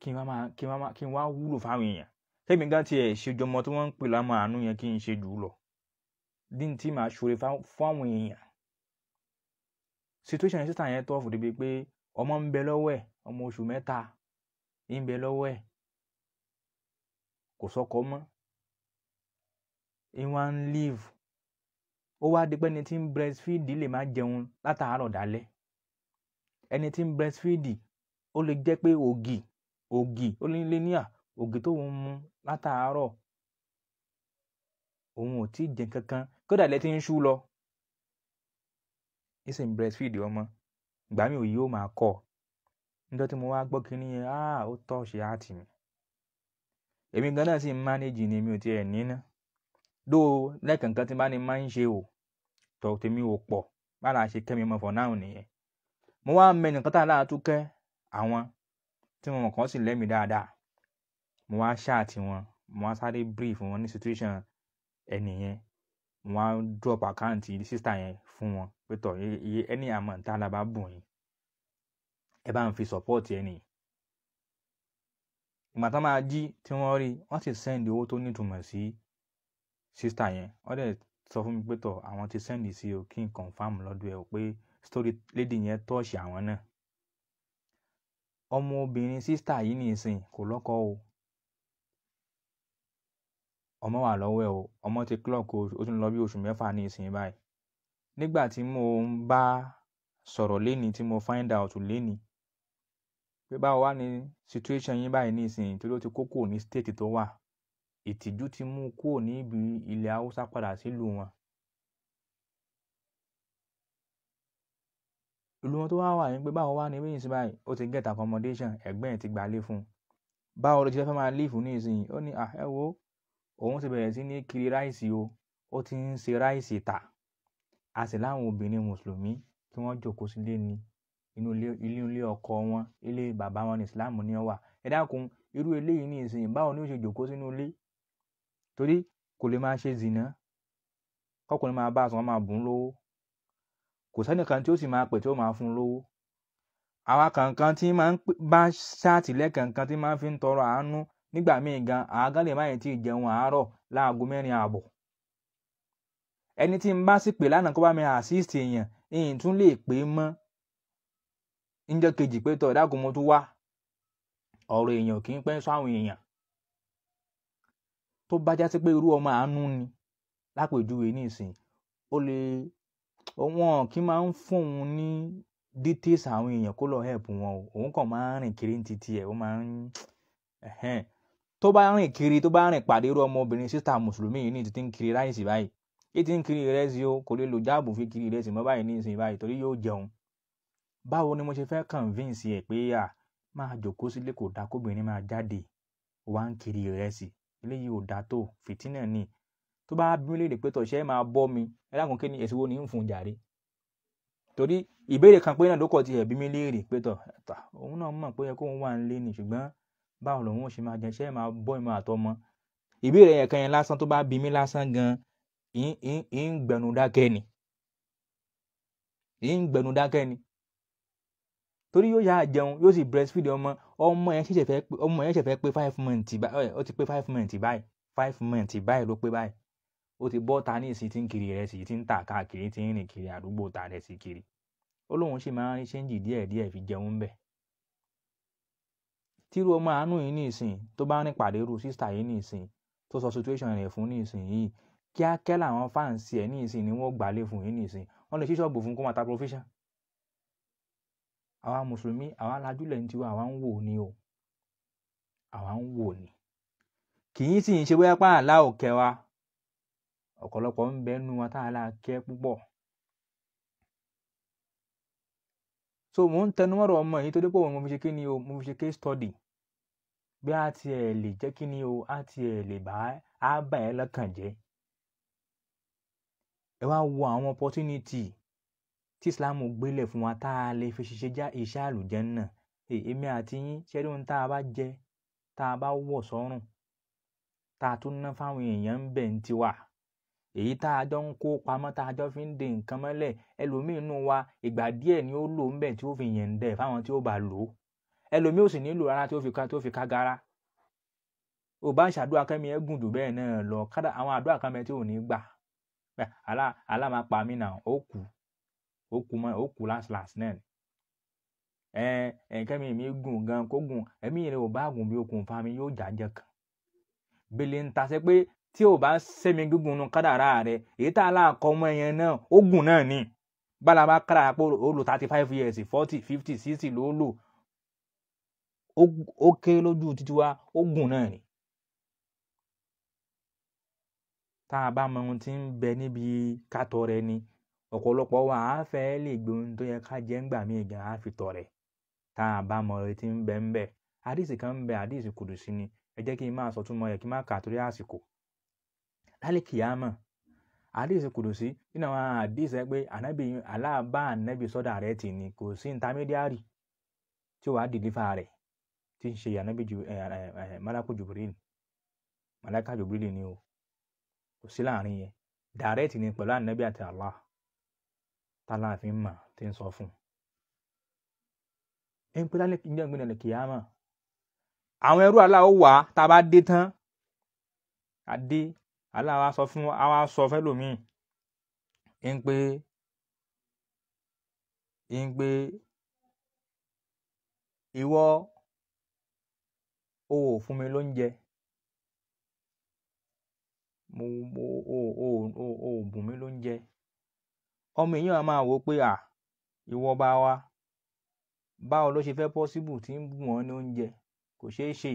kí n wá máa kí n wá máa kí n wá wúlò fáwọn èèyàn kẹ́mi gan tiẹ̀ ṣèjọ ọmọ tí wọ́n ń pè lámọ àánú yẹn kí n ṣe jù ú lọ dín tí màá ṣòro fún àwọn èèyàn situation sísà yẹn tọ́fù débi pé ọmọ ń bẹ lọ́wọ́ ẹ̀ ọmọ oṣù mẹ́ta ń bẹ lọ́wọ́ ẹ̀ kò sọkọ mọ, in one ń leave ó wá di pé ẹni tí ń breastfeed lè má jẹun látàárọ̀ dálẹ́ ẹni tí ń breastfeed ó lè jẹ́ pé ògì ògì ó lè lé ní à ògì mu látàárọ̀ òun ò tí jẹ kankan kódà lẹ ti ń ṣú lọ ìsìn breastfeed ọmọ ìgbà mi ó máa kọ tí mo wá gbọ́ kínní yẹn ó tọ́ ṣe á èmi gan náà sì ń manage ni mi ò tiẹ̀ níná dó lẹ́ẹ̀kọ̀ọ̀kan tí bá ní máa ń ṣe o tọ̀ tèmi ò pọ̀ bára ṣe kẹ́mi mọ̀ for now nìyẹn mo wá mẹ́nu kọ́tà láàtú kẹ́ àwọn tí mo mọ̀ kàn sì lẹ́mìí dáadáa mo wá ṣáàtì wọn mo wá sáré brief wọn ní situation ẹni yẹn mo wá drop account sísítà yẹn fún wọn pé tọ̀ iye ẹni àmọ̀ tá a lábá bùn yín ẹ bá ń fi support ẹni yìí ìgbà tán máa jí tí wọ́n rí wọ́n sì send owó tó nítumọ̀ sí sísítà yẹn wọ́n dẹ̀ sọ fún mi pé tọ̀ àwọn ti send sí o kí n confam lọ́dọ̀ ẹ̀ pé story lady yẹn tọ́ọ̀ṣì àwọn náà ọmọbìnrin sísítà yìí nìsín kò lọ́kọ o ọmọ wà lọ́wọ́ ẹ̀ o ọmọ ti clock o tún lọ bí oṣù mẹ́fà ní ìsìn báyìí nígbà tí mo ń bá sọ̀rọ̀ léni tí mo find out léni pé báwo wá ní situation yín báyìí nísìnyí torí ó ti kó kúrò ní state tó wà ìtìjú ti mú kúrò ní ibi ilẹ̀ haúsá padà sílùú wọn. ìlú wọn tó wá wà ní pé báwo wá ní bí yìí sí báyìí ó ti get accommodation ẹ̀gbẹ́ ẹ̀ ti gbalé fún un báwo ló ti fẹ́ máa leave nísìnyí ó ní ẹ wo òun ti bẹ̀rẹ̀ sí ní kiri ráìsì o ó ti ń ṣe ráìsì tà a sì láwọn obìnrin mùsùlùmí tí wọ́n jòkó sílé ni inú ilé ilé ọkọ wọn ilé bàbá wọn ní islam ní ó ẹ dákun irú eléyìí ní ìsìn báwo ni ó ṣe jòkó sínú ilé torí kò lè máa ṣe zìnà kọkùnrin máa bá a sùn wọn máa bùn lówó kò sẹ́nìkan tí ó sì máa pè tí ó máa fún lówó àwa kankan tí máa ń bá ṣáàtìlẹ́ kankan tí máa fi ń tọrọ àánú nígbà míì gan àágán lè má tí ì jẹun àárọ̀ láago mẹ́rin ààbọ̀ ẹni tí ń bá sì pè lánàá kó bá mi assist èèyàn ìyìn tún lè pè é mọ́ níjọ́ kejì pé tọ̀ dákun mo tún wá ọ̀rọ̀ èèyàn kì í pẹ́ sọ àwọn èèyàn tó bá jásí pé irú ọmọ àánú ni lápèjúwe ní ìsìn ó lè wọn kì í máa ń fún ní details àwọn èèyàn kó lọ help wọn òun kàn máa ń rìn kiri ní titi ẹ̀ ó máa ń tó bá rìn kiri tó bá rìn pàdé irú ọmọbìnrin sísá mùsùlùmí yìí ní títí ń kiri ráìsì báyìí títí ń kiri ìrẹsì o kò lè lò jáàbù fi kiri ìrẹsì mọ́ báyìí ní ìsìn báyìí torí yóò jẹun báwo ni mo ṣe fẹ́ convince ẹ̀ pé à máa jòkó sílé kò dáa kóbìnrin máa jáde wá ń kiri ìrẹsì eléyìí ò dáa tó fìtínà ni tó bá bí léèrè pé tọ̀ṣẹ́ máa bọ́ mi ẹlẹ́kùn kí ni ẹ̀sìn wo ni ń fún jàre torí ìbéèrè kan pé náà ló kọ̀ ti ẹ̀bí mi léèrè pé tọ̀ tà òun náà mọ̀ pé yẹ kóun wà ń lé ni ṣùgbọ́n báwo lòun ò ṣe máa jẹun ṣe máa bọ́ ìmọ̀ àtọmọ ìbéèrè yẹn kan yẹn lásán tó bá bí mi lásán gan ń gbẹnu dákẹ́ ni ń gbẹnu dákẹ́ ni torí yóò yá jẹun yóò sì breastfeed ọmọ ọmọ yẹn ṣẹ̀ṣẹ̀ fẹ́ pé ọmọ yẹn ṣẹ̀ṣẹ̀ fẹ́ pé five months báyìí ó ti pé five months báyìí five months báyìí ló pé báyìí ó ti bọ́ ta ní ìsìn tí ń kiri rẹ̀ sì ti ń tà káàkiri ti ń rìn kiri àdúgbò ta rẹ̀ sì kiri ó lóun ṣì máa ń rí ṣéǹjì díẹ̀ díẹ̀ fi jẹun bẹ̀. tíru ọmọ àánú yìí ní ìsìn tó bá ń rìn pàdé rú sísà yìí ní ìsìn tó sọ situation rẹ̀ fún ní ìsìn yìí kíákẹ́ làwọn fáǹsì ẹ̀ ní ìsìn ni wọ́n gbálé fún yìí ní ìsìn wọ́n lè ṣí ṣọ́ọ̀bù fún kó máa ta provision àwa mùsùlùmí àwa lajúlẹ̀ ní tiwa àwa ń wò ni o àwa ń wò ni kì í sì ń ṣe bóyá pààlà òkè wa ọ̀pọ̀lọpọ̀ ń bẹ nu wa tá a la kẹ́ púpọ̀ so mò ń tẹnumọ́rọ̀ ọmọ yìí tó dé pé mo fi ṣe kí ni o mo fi ṣe case study bí a tiẹ̀ lè jẹ́ kí ni o a tiẹ̀ lè bá a bà ẹ́ lọ́kàn jẹ́ ẹ wá wo àwọn opportunity tí islam gbélẹ̀ fún wa tá a lè fi ṣiṣẹ́ iṣẹ́ àlùjànnà èmi àti yín ṣẹ́rí ohun tá a bá jẹ tá a bá wọ̀ sọ́rùn tá a tún ná fáwọn èèyàn ń bẹ̀ ń tiwa èyí tá a jọ ń kó pamọ́ tá a jọ fi ń de nǹkan mọ́lẹ̀ ẹlòmíì nù wa ìgbà díẹ̀ ni ó lò ń bẹ̀ tí ó fi yẹn ń dẹ̀ fáwọn tí ó bá lò ó ẹlòmíì ò sì nílò rárá tí ó fi ká tó fi ká gara ò bá ṣàdúrà kẹ́mi ẹ̀ gùn jù bẹ́ẹ̀ náà lọ kádà àwọn àdúrà kan tí ò ní gbà alá alámàpá mi nà ó kù ó kú mọ́ ó kú last last náà ni ẹ nǹkan mi mi gùn gan kó gùn ẹ̀mí rẹ̀ ò bá gùn bí okùn fa mi yóò jàjẹ kan bèlè ń ta sẹ pé tí o bá sẹ́mi gígùn nu kádàrá rẹ̀ èyí tá a là kọ́ ọmọ yẹn náà ó gùn náà ni bálaba kádàrá pé ó lò thirty five years forty fifty sixty ló lò ó kéré lójú títí wa ó gùn náà ni. tá a bá mọ ohun tí ń bẹ níbi kátó rẹ ni ọ̀pọ̀lọpọ̀ wa á fẹ́ lè gbé ohun tó yẹ ká jẹ ńgbà míì gan á fi tá a bá mọ retí ń bẹ ń bẹ àdìsí kan ń bẹ àdìsí kùdùsí ni ẹ jẹ́ kí n máa sọ túmọ̀ rẹ̀ kí n má kà torí àsìkò lálẹ́ kìámọ̀ àdìsí kùdùsí nínú àwọn àdìsí ẹ pé ànábì aláàbá ànábì sọ́dà tì ní kò sí intermediary tí ó wàá rẹ̀ tí ń ṣe ànábì jubril o kò sí láàrin yẹn táláàfin mọ̀ tí ń sọ fún un. ń pẹ́ lálẹ́ ìjọ ìgbìnà lè kìí àmọ́ àwọn ẹrú aláwọ̀ wá tá a bá dé tán a dé aláwọ̀ sọ fún àwa sọ fẹ́lòmíì ń pé ìwọ o fún mi lóúnjẹ mo mo o ò bùn mí lóúnjẹ ọmọ èèyàn á máa wò pé à ìwọ ọba wa báwo ló ṣe fẹ́ possible tí ń bù wọ́n ní oúnjẹ kò ṣeé ṣe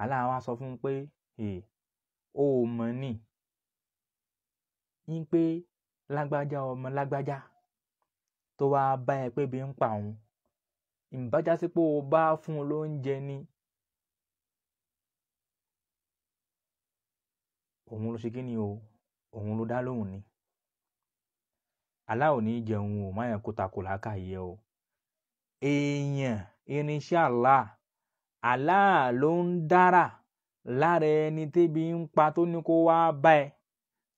Allah wá sọ fún un pé o ò mọ̀ ni ń pé lágbájá ọmọ lágbájá tó wáá bá ẹ pé bí ń pa òun ìbájásí o bá fún un lóúnjẹ ni òun ló ṣe kí ni o òun ló dá lóhùn ni aláwo ní jẹun o má yẹn kó takò lákàyè o èèyàn irinṣẹ́ Allah Allah ló ń dára lára ẹni tébi ń pa tó ní kó wá bá ẹ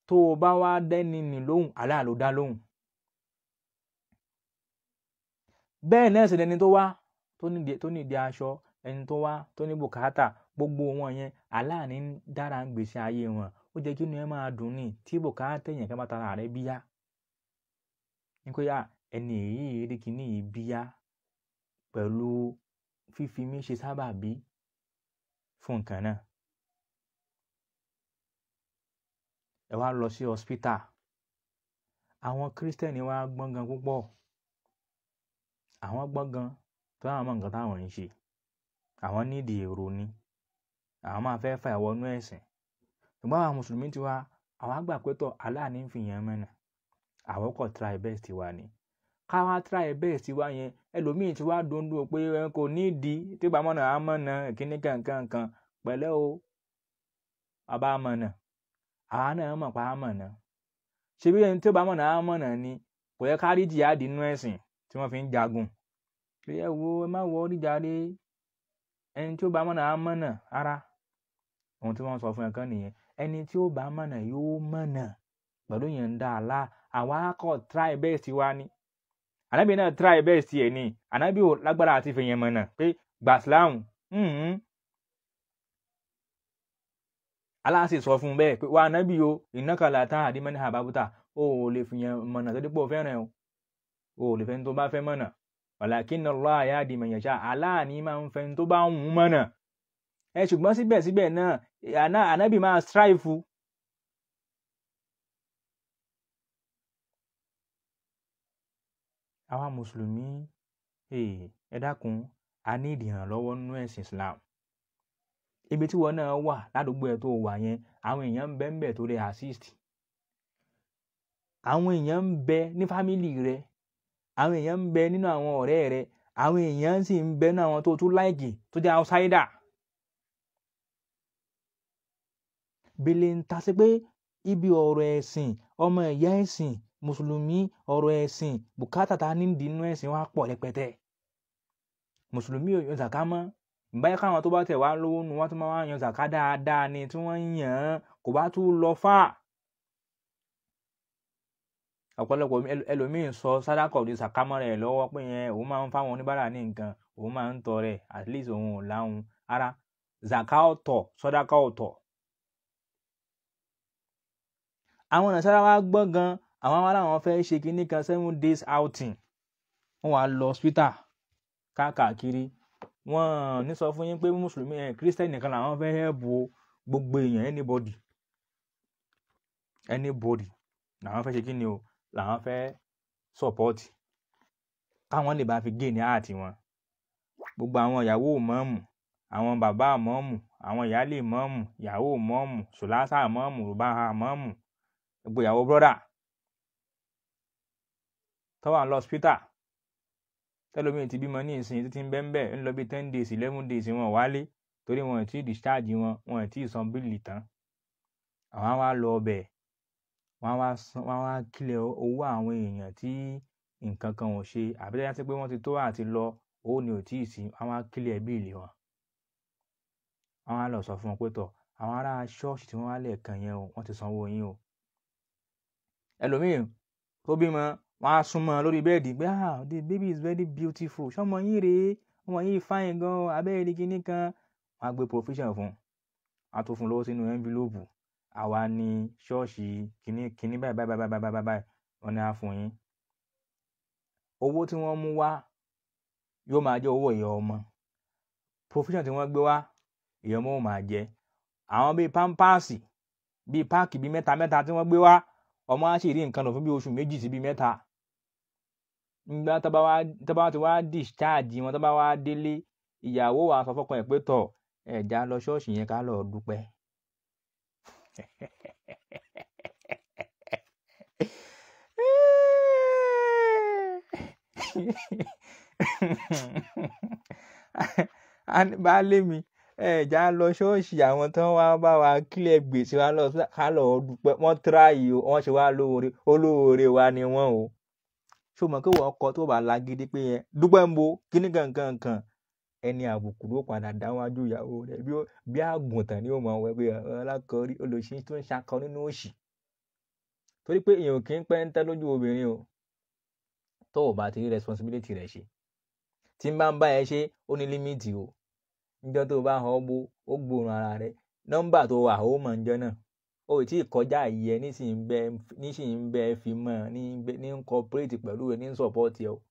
tó o bá wá dẹ́ni nì lóhùn Allah ló dá lóhùn bẹ́ẹ̀ náà sì lẹni tó wá tó ní ìdí aṣọ ẹni tó wá tó ní bùkátà gbogbo wọn yẹn Allah ní dára ń gbèsè ayé wọn ó jẹ́ kí inú ẹ máa dùn ní tí bùkátà èèyàn kan bá tara rẹ bíyá nípé à ẹni yìí rí kíní yìí bíyá pẹ̀lú fífi mí ṣe sábàbí fún nǹkan náà. ẹ wá lọ sí hospital àwọn kírísítẹ́nì wa gbọ́ngàn púpọ̀ àwọn gbọ́ngàn tó àwọn mọ nǹkan táwọn ń ṣe àwọn nídìí èrò ni àwọn máa fẹ́ fà ìwọ́nú ẹ̀sìn ṣùgbọ́n àwọn mùsùlùmí tiwa àwọn àgbà pé tọ̀ Allah ní àwọn kò try best wa ni káwa try best wa yẹn ẹlòmíì ti wá dundun pé kò ní ìdí tí gbàmọ́nà àmọ́nà kíní kankan pẹ̀lẹ́ o àbá àmọ́nà àwa náà mọ̀ pa àmọ́nà ṣebí ẹni tí bá mọ̀nà ni kò yẹ ká rí jihadi inú ẹ̀sìn tí wọ́n fi ń jagun kò yẹ wo ẹ má wọ oríjàre ẹni tí ó bá mọ̀nà ara ohun tí wọ́n sọ fún ẹ ẹni tí ó bá mọ̀nà àwọn akọ try best wa ni ànábì náà try best ẹ̀ ni ànábì ò lágbára àti fìyẹn mọ̀nà pé gbàsílámù hmm. aláàsì sọ fún un bẹ́ẹ̀ pé wà ànábì o ìnákàlà tá àdìmọ́ni àbábútà o ò lè fìyẹn mọ̀nà tó dípò fẹ́ràn o o ò lè fẹ́ni tó bá fẹ́ mọ̀nà wàlàkín Allah yahdi man yasha aláàní máa ń fẹ́ni tó bá ń mọ̀nà ẹ ṣùgbọ́n síbẹ̀síbẹ̀ náà ànábì máa strive Àwa Mùsùlùmí, hey, eh, ẹ dákun, a need ìrànlọ́wọ́ nínú ẹ̀sìn Islam. Ibi tí ìwọ náà wà ládùúgbò ẹ tó wà yẹn, àwọn èèyàn ń bẹ ń bẹ tó lè assist. Àwọn èèyàn ń bẹ ní family rẹ, àwọn èèyàn ń bẹ nínú àwọn ọ̀rẹ́ rẹ, àwọn èèyàn sì ń bẹ nínú àwọn tó tún like tó jẹ́ outsider. Bèlè ń ta sí pé ibi ọ̀rọ̀ ẹ̀sìn, ọmọ ìyá ẹ̀sìn, Musulumi ọrụ ẹsìn bùkátà ta a ní inú ẹsìn wa pọ̀ rẹpẹtẹ Musulumi ò yan zàká mọ́ ìbáyé káwọn tó bá tẹ̀ wá lówó nu wọ́n tó máa yan dáadáa ni tí wọ́n yàn án kò bá tún lọ fà ọ̀pọ̀lọpọ̀ ẹlòmíín sọ sádàkọ̀ di lọ́wọ́ pé yẹn òun máa ń fáwọn oníbàárà ní nǹkan òun máa ń tọrẹ at least òun ò wa àwọn ará àwọn fẹ́ ṣe kinní kan seven days outing wọ́n wá lọ hospital káàkiri wọ́n ní sọ fún yín pé mùsùlùmí ẹ̀ eh, kírísítẹ́nì nìkan làwọn fẹ́ hẹ́ẹ̀bù gbogbo èèyàn anybody anybody làwọn fẹ́ ṣe kí ni o làwọn fẹ́ support káwọn lè bá fi gé ní ààtì wọn gbogbo àwọn ìyàwó mọ́ọ̀mù àwọn bàbá mọ́ọ̀mù àwọn ìyáálé mọ́ọ̀mù ìyàwó mọ́ọ̀mù sùlásà mọ́ọ̀mù rùbáhà mọ́ọ̀mù gbogbo ìyàwó brọ́dà tó wà lọ hospital tẹlomi ti bímọ ní ìsìn títí ń bẹ́ ń bẹ́ ń lọ bí ten days eleven days wọn wálé torí wọn ti discharge wọn wọn ti san bíìlì tán àwọn wa lọ ọbẹ̀ wọn wá wọn wá kílẹ̀ owó àwọn èèyàn tí nǹkan kan ò ṣe àbí dájá sí pé wọ́n ti tó àti lọ ó ní ò tí ì sí àwọn á kílẹ̀ bíìlì wọn àwọn á lọ sọ fún wọn pé tọ̀ àwọn ará ṣọ́ọ̀ṣì tí wọ́n wá lẹ́ẹ̀kan yẹn o wọ́n ti sanwó yín o ẹlòmíì tó bímọ wọ́n á súnmọ́ lórí bẹ́ẹ̀dì pé ah the baby is very beautiful ṣọmọ yín rèé ọmọ yín fine gan abẹ́rẹ́ kínní kan wọ́n á gbé provision fún un á tó fún un lọ́wọ́ sínú envelope àwa ní ṣọ́ọ̀ṣì kínní kínní báyìí báyìí báyìí báyìí báyìí báyìí wọ́n ní á fún yín owó tí wọ́n mú wá yóò máa jẹ́ owó ìyá ọmọ provision tí wọ́n gbé wá ìyá ọmọ ò máa jẹ àwọn bíi pampasì bíi páàkì bíi mẹ́ta mẹ́ta tí wọ́n gbé wá ọmọ á sì rí nǹkan lò fún bíi oṣù méjì sí bíi mẹ́ta nígbà tó bá wá ti wá discharge wọn tó bá wá délé ìyàwó wa sọ fọkàn ẹ̀ pé tọ̀ ẹ̀já lọ ṣọ́ọ̀ṣì yẹn ká lọ dúpẹ́ baálé mi ẹ̀já lọ ṣọ́ọ̀ṣì àwọn tó wá bá wa kílẹ̀ gbèsè wa lọ ká lọ dúpẹ́ wọ́n tíráyì wọ́n ṣe wá lóore olóore wa ni wọ́n o. ṣó mọ̀ kí ọkọ kọ tó bá lagidi pé yẹn dúpẹ́ ń bo kíní kankan kan ẹni àbùkù ló padà dáwájú ìyàwó rẹ bí àgùntàn ni ó mọ̀ wẹ pé ọlákọ̀ọ́rí olùsí tó ń ṣakọ nínú òṣì torí pé èèyàn kì í lójú obìnrin o tó o bá ti rí responsibility ṣe tí n bá ń bá ẹ ṣe ó ní límìtì o tó o bá ara tó wà ó mọ̀ náà o ì kọjá yẹ nísìnyí ń ń bẹ fi mọ́ ní ní ń cooperate pẹ̀lú rẹ ní ń support ẹ o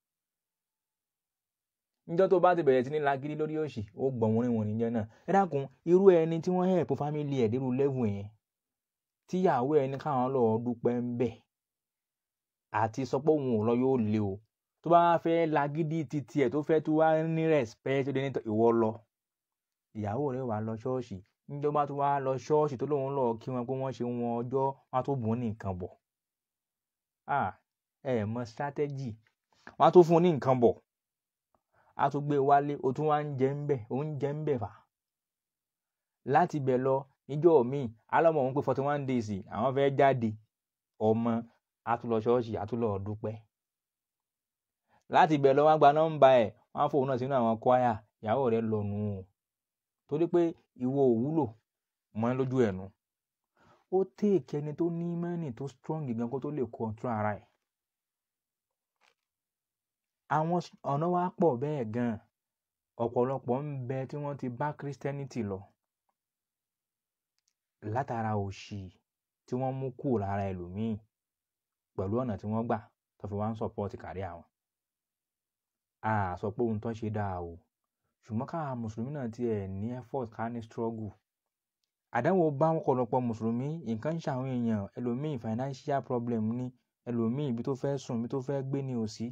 níjọ́ tó bá ti bẹ̀rẹ̀ sí ní lágídí lórí òṣì ó gbọ̀n wọn níwọ̀n níjọ́ náà ẹ dákun irú ẹni tí wọ́n help family ẹ̀ dérú level yẹn tíyàwó ẹni káwọn lọ dúpẹ́ ń bẹ̀ àti sọ òun ò lọ yóò le o tó bá fẹ́ lágídí titi ẹ̀ tó fẹ́ tó wá ní respect ìwọ lọ ìyàwó rẹ wà lọ ṣọ́ọ̀ṣì níjọ́ bá tún wá lọ ṣọ́ọ̀ṣì tó lóun lọ kí wọn pé wọ́n ṣe wọn ọjọ́ wọn á tó bùn ní nǹkan bọ̀ ẹ ẹ mọ strategy wọn á tó fún un ní nǹkan bọ̀ á tó gbé e wálé o tún wá ń jẹ ń bẹ ò ń jẹ ń bẹ fà láti bẹ̀ lọ níjọ́ míì alọ́mọ òun pé forty one days àwọn fẹ́ jáde ọmọ á tún lọ ṣọ́ọ̀ṣì á tún lọ dúpẹ́ láti bẹ̀ lọ wọ́n gba nọ́mbà ẹ̀ wọ́n fòun náà sínú àwọn kwaya ìyàwó rẹ̀ lọ́nu o torí pé ìwọ ò wúlò mọ́ lójú ẹ̀nu ó téèkì ẹni tó ní mẹ́nì tó strong gan kó tó lè control ara ẹ̀ àwọn ọ̀nà wa pọ̀ bẹ́ẹ̀ gan ọ̀pọ̀lọpọ̀ ń bẹ tí wọ́n ti bá Christianity lọ látara òṣì tí wọ́n mú kúrò lára ẹlòmíì pẹ̀lú ọ̀nà tí wọ́n gbà tó fi wá ń support kárí àwọn a sọ pé ohun tó ṣe dáa o Ṣùgbọ́n káwa Mùsùlùmí náà ti ẹ̀ ní effort ká ní struggle. Àdánwò bá ọ̀pọ̀lọpọ̀ Mùsùlùmí, nǹkan ń ṣe èèyàn, ẹlòmíì financial problem ni, ẹlòmíì ibi tó fẹ́ sùn, ibi tó fẹ́ gbé ni ò sí.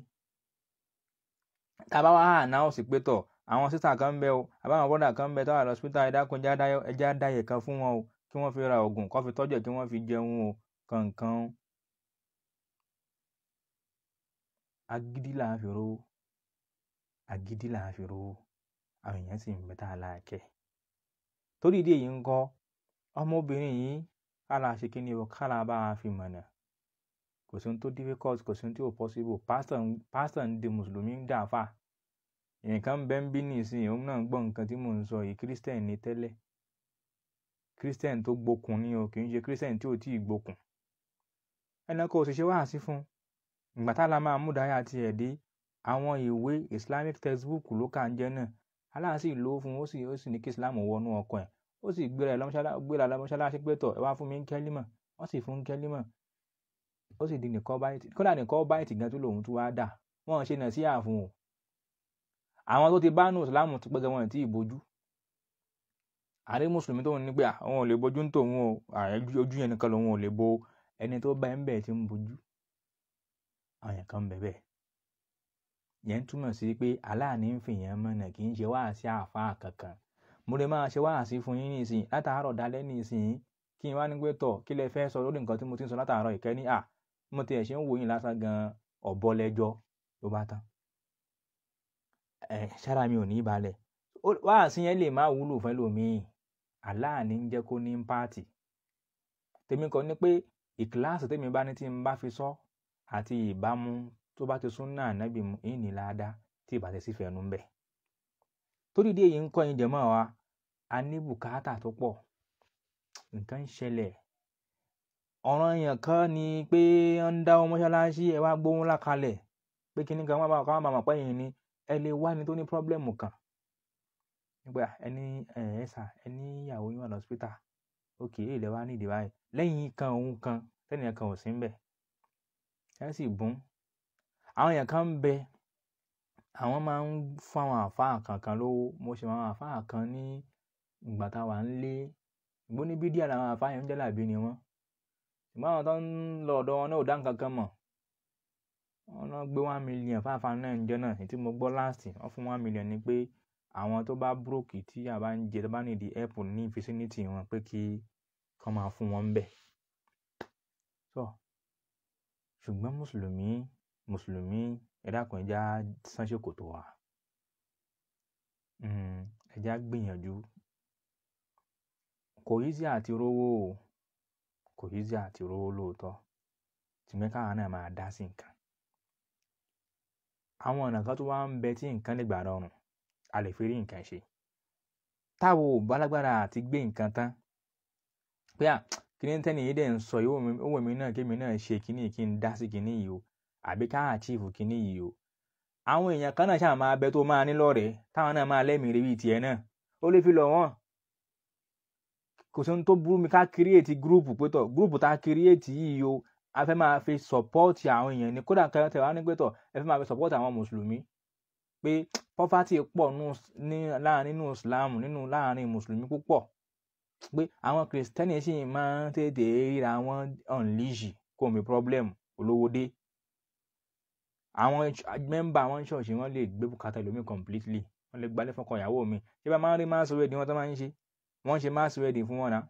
Tá bá wá announce pé tọ̀, àwọn sister kan ń bẹ o, àbí àwọn brother kan ń bẹ tó wà lọ́spítà, ẹ dákun kan fún wọn o, kí wọ́n fi ra òògùn, kó fi tọ́jú kí wọ́n fi jẹun o, kànkàn. Agídí là ń fi rówó, agídí là ń fi rówó àwọn èèyàn sì ń bẹ tá a la kẹ́. torí ìdí èyí ń kọ́ ọmọbìnrin yìí kára ṣe kí ni o kára bá a fi mọ̀nà kò sí ohun tó difficult kò sí ohun tí ò possible pastor pastor ń di mùsùlùmí ń dà fà nǹkan bẹ́ẹ̀ ń bí nísìnyí òun náà ń gbọ́ nǹkan tí mò ń sọ yìí christian ní tẹ́lẹ̀ christian tó gbókun ni o kì í ṣe christian tí ò tí ì gbókun ẹnìkan kò sì ṣe wáàsí fún ìgbà tá a la máa mú dáyà tiẹ̀ dé àwọn ìwé islamic textbook ló kà ń jẹ́ náà aláà sì lò ó fún ó sì ó sì ní kí islam wọnú ọkàn ẹ̀ ó sì gbéra ẹ̀ gbéra lọ́mọṣáláṣí pé tọ̀ ẹ wá fún mi ń kẹ́límọ̀ wọ́n sì fún ń kẹ́límọ̀ ó sì di nìkọ́ báyìí kódà nìkọ́ báyìí gan tó lòun tó wá dà wọ́n ṣe nà sí ààfin o àwọn tó ti bá nù islam ti pẹ́ gan wọn ti ìbojú àrí mùsùlùmí tóun ní pé àwọn ò lè bojú ń tòun o ojú yẹn nìkan lòun ò lè bo ẹni tó bá ẹ ń bẹ̀ ti ń bojú àwọn yẹn kan bẹ̀ bẹ́ẹ̀ yẹn túmọ̀ sí pé aláàní ń fìyàn mọ̀nà kì í ṣe wáàsí àáfàá kankan mo lè máa ṣe wáàsí fún yín nísìnyí látàárọ̀ dalẹ́ nísìnyí kí n wá ní pé tọ̀ kí lẹ fẹ́ sọ lórí nǹkan tí mo ti ń sọ látàárọ̀ ìkẹ́ à mo tiẹ̀ ṣe ń wò yín lásán gan ọ̀bọ lẹ́jọ́ ló bá tán ẹ̀ ṣára mi ò ní balẹ̀ wáàsí yẹn lè má wúlò fẹ́ lòmíì aláàní ń jẹ́ kó ní pààtì tèmi kọ́ ni pé ìkíláàsì tèmi bá ní tí n bá fi sọ àti ìbámu tó bá ti súnà ànábì mu èyí ní láàdá tí ìbá ti sí fẹnu ń bẹ torí dé èyí ń kọ́ yín jẹ̀mọ́ wa a ní bùkátà tó pọ̀ nǹkan ń ṣẹlẹ̀ ọ̀ràn èèyàn kan ni pé ó ń dáwọ́ mọ́ṣáláṣí ẹ wá gbóhùn lákalẹ̀ pé kí ni kan máa kọ́ máa mọ̀ pé èyí ni ẹ lè wá ẹni tó ní pírọ́blẹ́mù kan nígbà ẹni ẹ̀ẹ́sà ẹni ìyàwó yín wà lọ́sípítà òkè èyí lè wá nídìí báyìí lẹ́yìn kan òun kan tẹ́nìyàn kan ò sí ń bẹ̀ ẹ sì bùn àwọn èèyàn kan ń bẹ àwọn máa ń fún àwọn àfáà kankan lówó mo sì mọ àwọn àfáà kan ní ìgbà tá a wà ń lé ìgbó ní bídíà làwọn àfáà yẹn ń jálàbí ni wọ́n ṣùgbọ́n àwọn tó ń lọ ọ̀dọ̀ wọn náà ò dá nǹkan kan mọ̀ wọ́n lọ gbé one million fáfá náà ń jẹ́ náà èyí tí mo gbọ́ last wọ́n fún one million ni pé àwọn tó bá búròkì tí a bá ń jẹ tó bá nídìí help ní vicinity wọn pé kí kán máa fún wọn bẹ́ẹ̀ so ṣùgbọ́n mùsùlùmí mùsùlùmí ẹ dákun ẹ já sán ṣòkòtò wa gbìyànjú kò easy àti rówó o kò easy àti rówó lóòótọ́ ṣùgbọ́n káwa náà máa dá sí nǹkan àwọn ọ̀nà kan tó wá ń bẹ tí nǹkan rọrùn a lè fi rí nǹkan ṣe táwo ò bálágbára àti gbé nǹkan tán pé à nso tẹ́ni yìí dẹ̀ ń sọ yìí ó wù mí n dá sí kíní o àbí ká achieve kinní yìí o àwọn èèyàn kan náà ṣáà máa bẹ tó máa ní lọ́rẹ̀ẹ́ táwọn náà máa lẹ́mìí rí bíi tiẹ̀ náà ó lè fi lọ̀ wọ́n kò sí ohun tó burú mi ká kírèètì gúrùpù pétọ̀ gúrùpù tá a kírèètì yìí o a fẹ́ máa fi sọ̀pọ́ọ̀tì àwọn èèyàn ni kódà kan tẹ̀ wá ní pétọ̀ ẹ fẹ́ máa fi sọ̀pọ́ọ̀tì àwọn mùsùlùmí pé pọ́fátì pọ̀ láàrin nínú Islam nínú láàrin mùsùlùmí púpọ̀ pé àwọn kìrìsìtẹ́nì sì máa ń tètè ríra wọn ọ̀nlíjì kò mí pọ́blẹ́mù olówó dé àwọn mẹ́mbà àwọn ṣọ́ọ̀ṣì wọn lè gbé bùkátà ẹlòmíì completely wọ́n lè gbalẹ̀ fọkàn ìyàwó mi ṣé bá máa ń rí mass wedding wọn tó máa ń ṣe wọ́n ṣe mass wedding fún wọn náà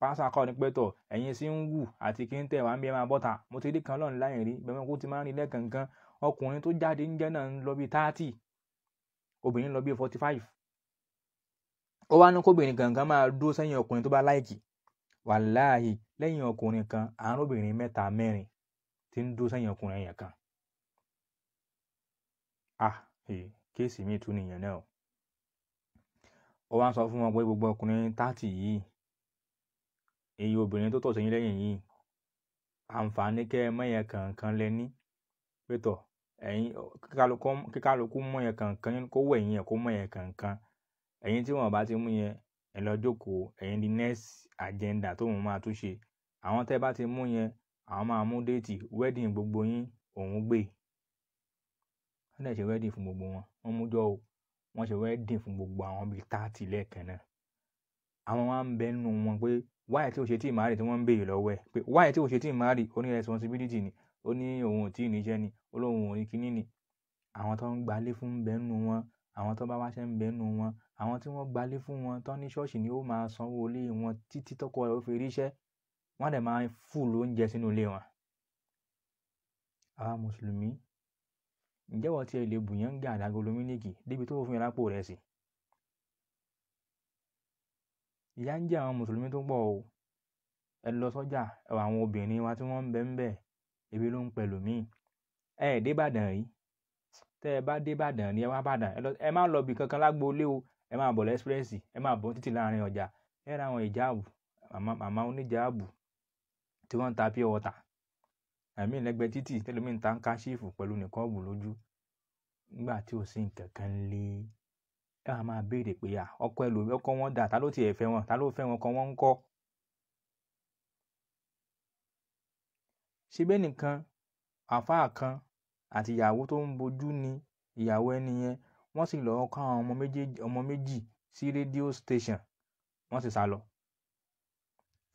pásá kọ́ ni pé tọ̀ ẹ̀yin sí ń wù àti kí n tẹ̀ wá ń bí ẹ máa bọ́ta mo ti rí kan lọ́run láyìn rí bẹ́ẹ̀ mọ́kú ti máa ń rí lẹ́ẹ̀kankan ọkùnrin tó jáde ń jẹ́ náà ń lọ bíi thirty obìnrin lọ bíi forty five ó wá ní kóbìnrin kankan máa dúró sẹ́yìn ọkùnrin tó bá láìkì wàláhì lẹ́yìn ọkùnrin kan àárín obìnrin mẹ́ta mẹ́rin ti ń dúró sẹ́yìn ọkùnrin yẹn kan Ah! Èé, kéèsì mi tún nìyẹn náà o. Ó wá ń sọ fún wọn pé gbogbo ọkùnrin thirty yìí, iye obìnrin tó tọ̀ sí yín lẹ́yìn yìí, àǹfààní kí ẹ mú ẹ̀yàn kọ̀ọ̀kan lẹ ní. Pé tọ̀, ẹ̀yin kí kálukú mú ẹ̀yàn kọ̀ọ̀kan nínú, kó wù ẹ̀yin kó mú ẹ̀yàn kọ̀ọ̀kan. Ẹ̀yin tí wọ́n bá ti mú yẹn, ẹ lọ jókòó, di next agenda tó òun máa tún Àwọn tí bá ti mú yẹn, àwọn máa mú date wedding gbogbo yín, òun gbé wọ́n dẹ̀ ṣe wedding fún gbogbo wọn. Wọ́n mú jọ́ o, wọ́n ṣe wedding fún gbogbo àwọn bíi thirty lẹ́ẹ̀kan náà. Àwọn wa ń bẹ nínú wọn pé why tí o ṣe tí marry tí wọ́n ń béèrè lọ́wọ́ ẹ̀ pé why tí o ṣe tí marry ó ní responsibility ni, ó ní òun ò tí ì níṣẹ́ ni, ó lóun ò ní kíní ni. Àwọn tó ń gbalé fún ń bẹ nínú wọn, àwọn tó bá wáṣẹ́ ń bẹ nínú wọn, àwọn tí wọ́n gbalé fún wọn tó ní ṣọ́ọ̀ṣì ni ó máa sanwó ilé wọn títí tọ́kọ rẹ̀ ó fi ríṣẹ́. Wọ́n dẹ̀ máa ń oúnjẹ sínú ilé wọn. Àwa Mùsùlùmí ǹjẹ́ wọ́n tiẹ̀ lè bùyàn ń gà àdágolo mílíkì débi tó fún yẹn lápò rẹ̀ sí. ìyà ń jẹ àwọn mùsùlùmí tó pọ̀ o ẹ lọ sọ́jà ẹ̀wọ̀ àwọn obìnrin wa tí wọ́n ń bẹ ń bẹ̀ ebi ló ń pẹ̀lú míì ẹ ẹ̀ débàdàn rí tẹ́ ẹ bá débàdàn rí ẹ wá bàdàn ẹ má lọ bì kankan lágboolé o ẹ máa bọ̀ lẹ́sírẹ́sì ẹ máa bọ̀ títì láàrin ọjà ẹ ra àwọn ìjáàbù màmá oníjáàbù tí wọ́n ń ta pure water àmì lẹ́gbẹ̀ẹ́ títì tẹ́lómi ń ta ń káṣífù pẹ̀lú nìkọ́ọ̀bù lójú nígbà tí ò sí nǹkan kan lé ẹ wàá máa béèrè pé à ọkọ ẹlòmí ọkọ wọn dà ta ló tiẹ̀ fẹ́ wọn ta ló fẹ́ wọn kọ wọn ń kọ́. ṣebẹ́ nìkan àfáà kan àti ìyàwó tó ń bojú ni ìyàwó ẹni yẹn wọ́n sì lọ́ọ́ kọ́ àwọn ọmọ méjì sí rédíò station wọ́n sì sá lọ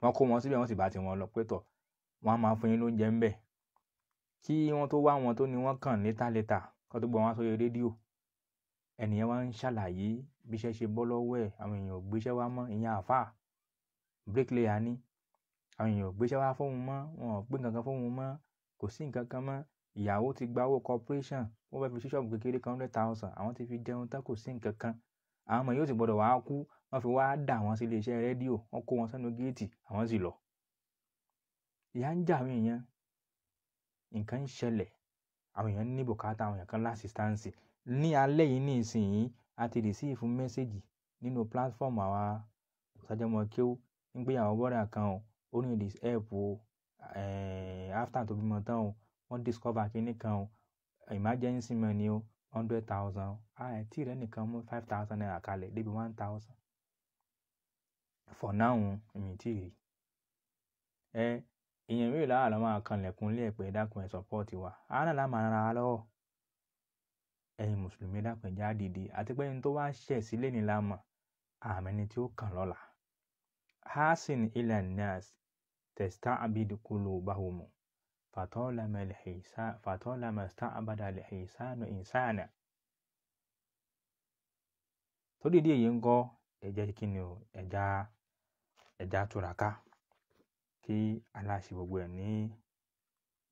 wọ́n kó wọn síbẹ̀ wọ́n sì bá tiwọn lọ pé tọ̀ wọ́n á máa fún yín lóúnjẹ ńbẹ̀ kí wọ́n tó wá wọn tó ni wọ́n kàn létàlétà kó tó gbọ́ wọn sórí rédíò ẹnìyẹn wá ń ṣàlàyé bí iṣẹ́ ṣe bọ́ lọ́wọ́ ẹ̀ àwọn èèyàn ò gbéṣẹ́ wá mọ́ ìyẹn àáfàá bricklayer ni àwọn èèyàn ò gbéṣẹ́ wá fóun mọ́ wọn ò gbé nǹkan fóun mọ́ kò sí nǹkan mọ́ ìyàwó ti gba owó corporation wọ́n fẹ́ fi sí ṣọ́ọ̀bù kékeré kan hundred thousand àwọn ti fi jẹun tán kò sí nǹkan kan àwọn ọmọ yóò sì gbọ́dọ̀ wàá kú wọ́n fi wá dà wọ́n sí iléeṣẹ́ rédíò wọ́n kó wọn sẹ́nu géètì àwọn sì lọ. ìyá ń jà àwọn èèyàn nǹkan ń ṣẹlẹ̀ àwọn èèyàn ní bùkátà àwọn èèyàn kan láṣìstáǹsì ní alẹ́ yìí ní ìsinyìí a ti receive message nínú platform àwa ṣàjẹmọ́kéwú nígbé àwọn bọ́dà kan o ó ní this help o eh, after tó bímọ tán o wọ́n discover kínní kan o emergency money o hundred thousand a ẹ̀ tí rẹ̀ nìkan mú five thousand naira kalẹ̀ débi one thousand for now èmi tí rí ẹ èèyàn mélòó láwà lọ́ máa kanlẹ̀kùn ilé ẹ̀ pé dákun ẹ support wa àwa la máa ran ara lọ́wọ́ ẹ̀yin mùsùlùmí ẹ dákun ẹ já dìde àti pé ẹni tó wá ṣẹ̀ sílé ni la mọ̀ àmì ẹni tí ó kàn lọ́la hasin ilan nas testa abid kulu bahumu fatolama staabada alhisanu insana tó dìde èyí ń kọ́ ẹ̀jẹ̀ kí ni o ẹ̀já ẹ̀já túraká kí Allah ṣe gbogbo ẹ̀ ní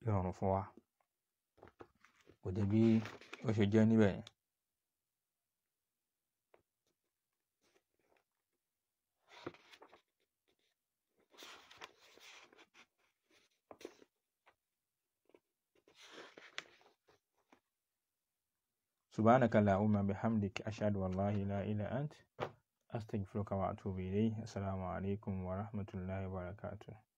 ìrọ̀rùn fún wa. Kò jẹ́ bí ó ṣe jẹ́ níbẹ̀ yẹn. سبحانك اللهم بحمدك أشهد أن لا إله إلا أنت أستغفرك وأتوب إليه السلام عليكم ورحمة الله وبركاته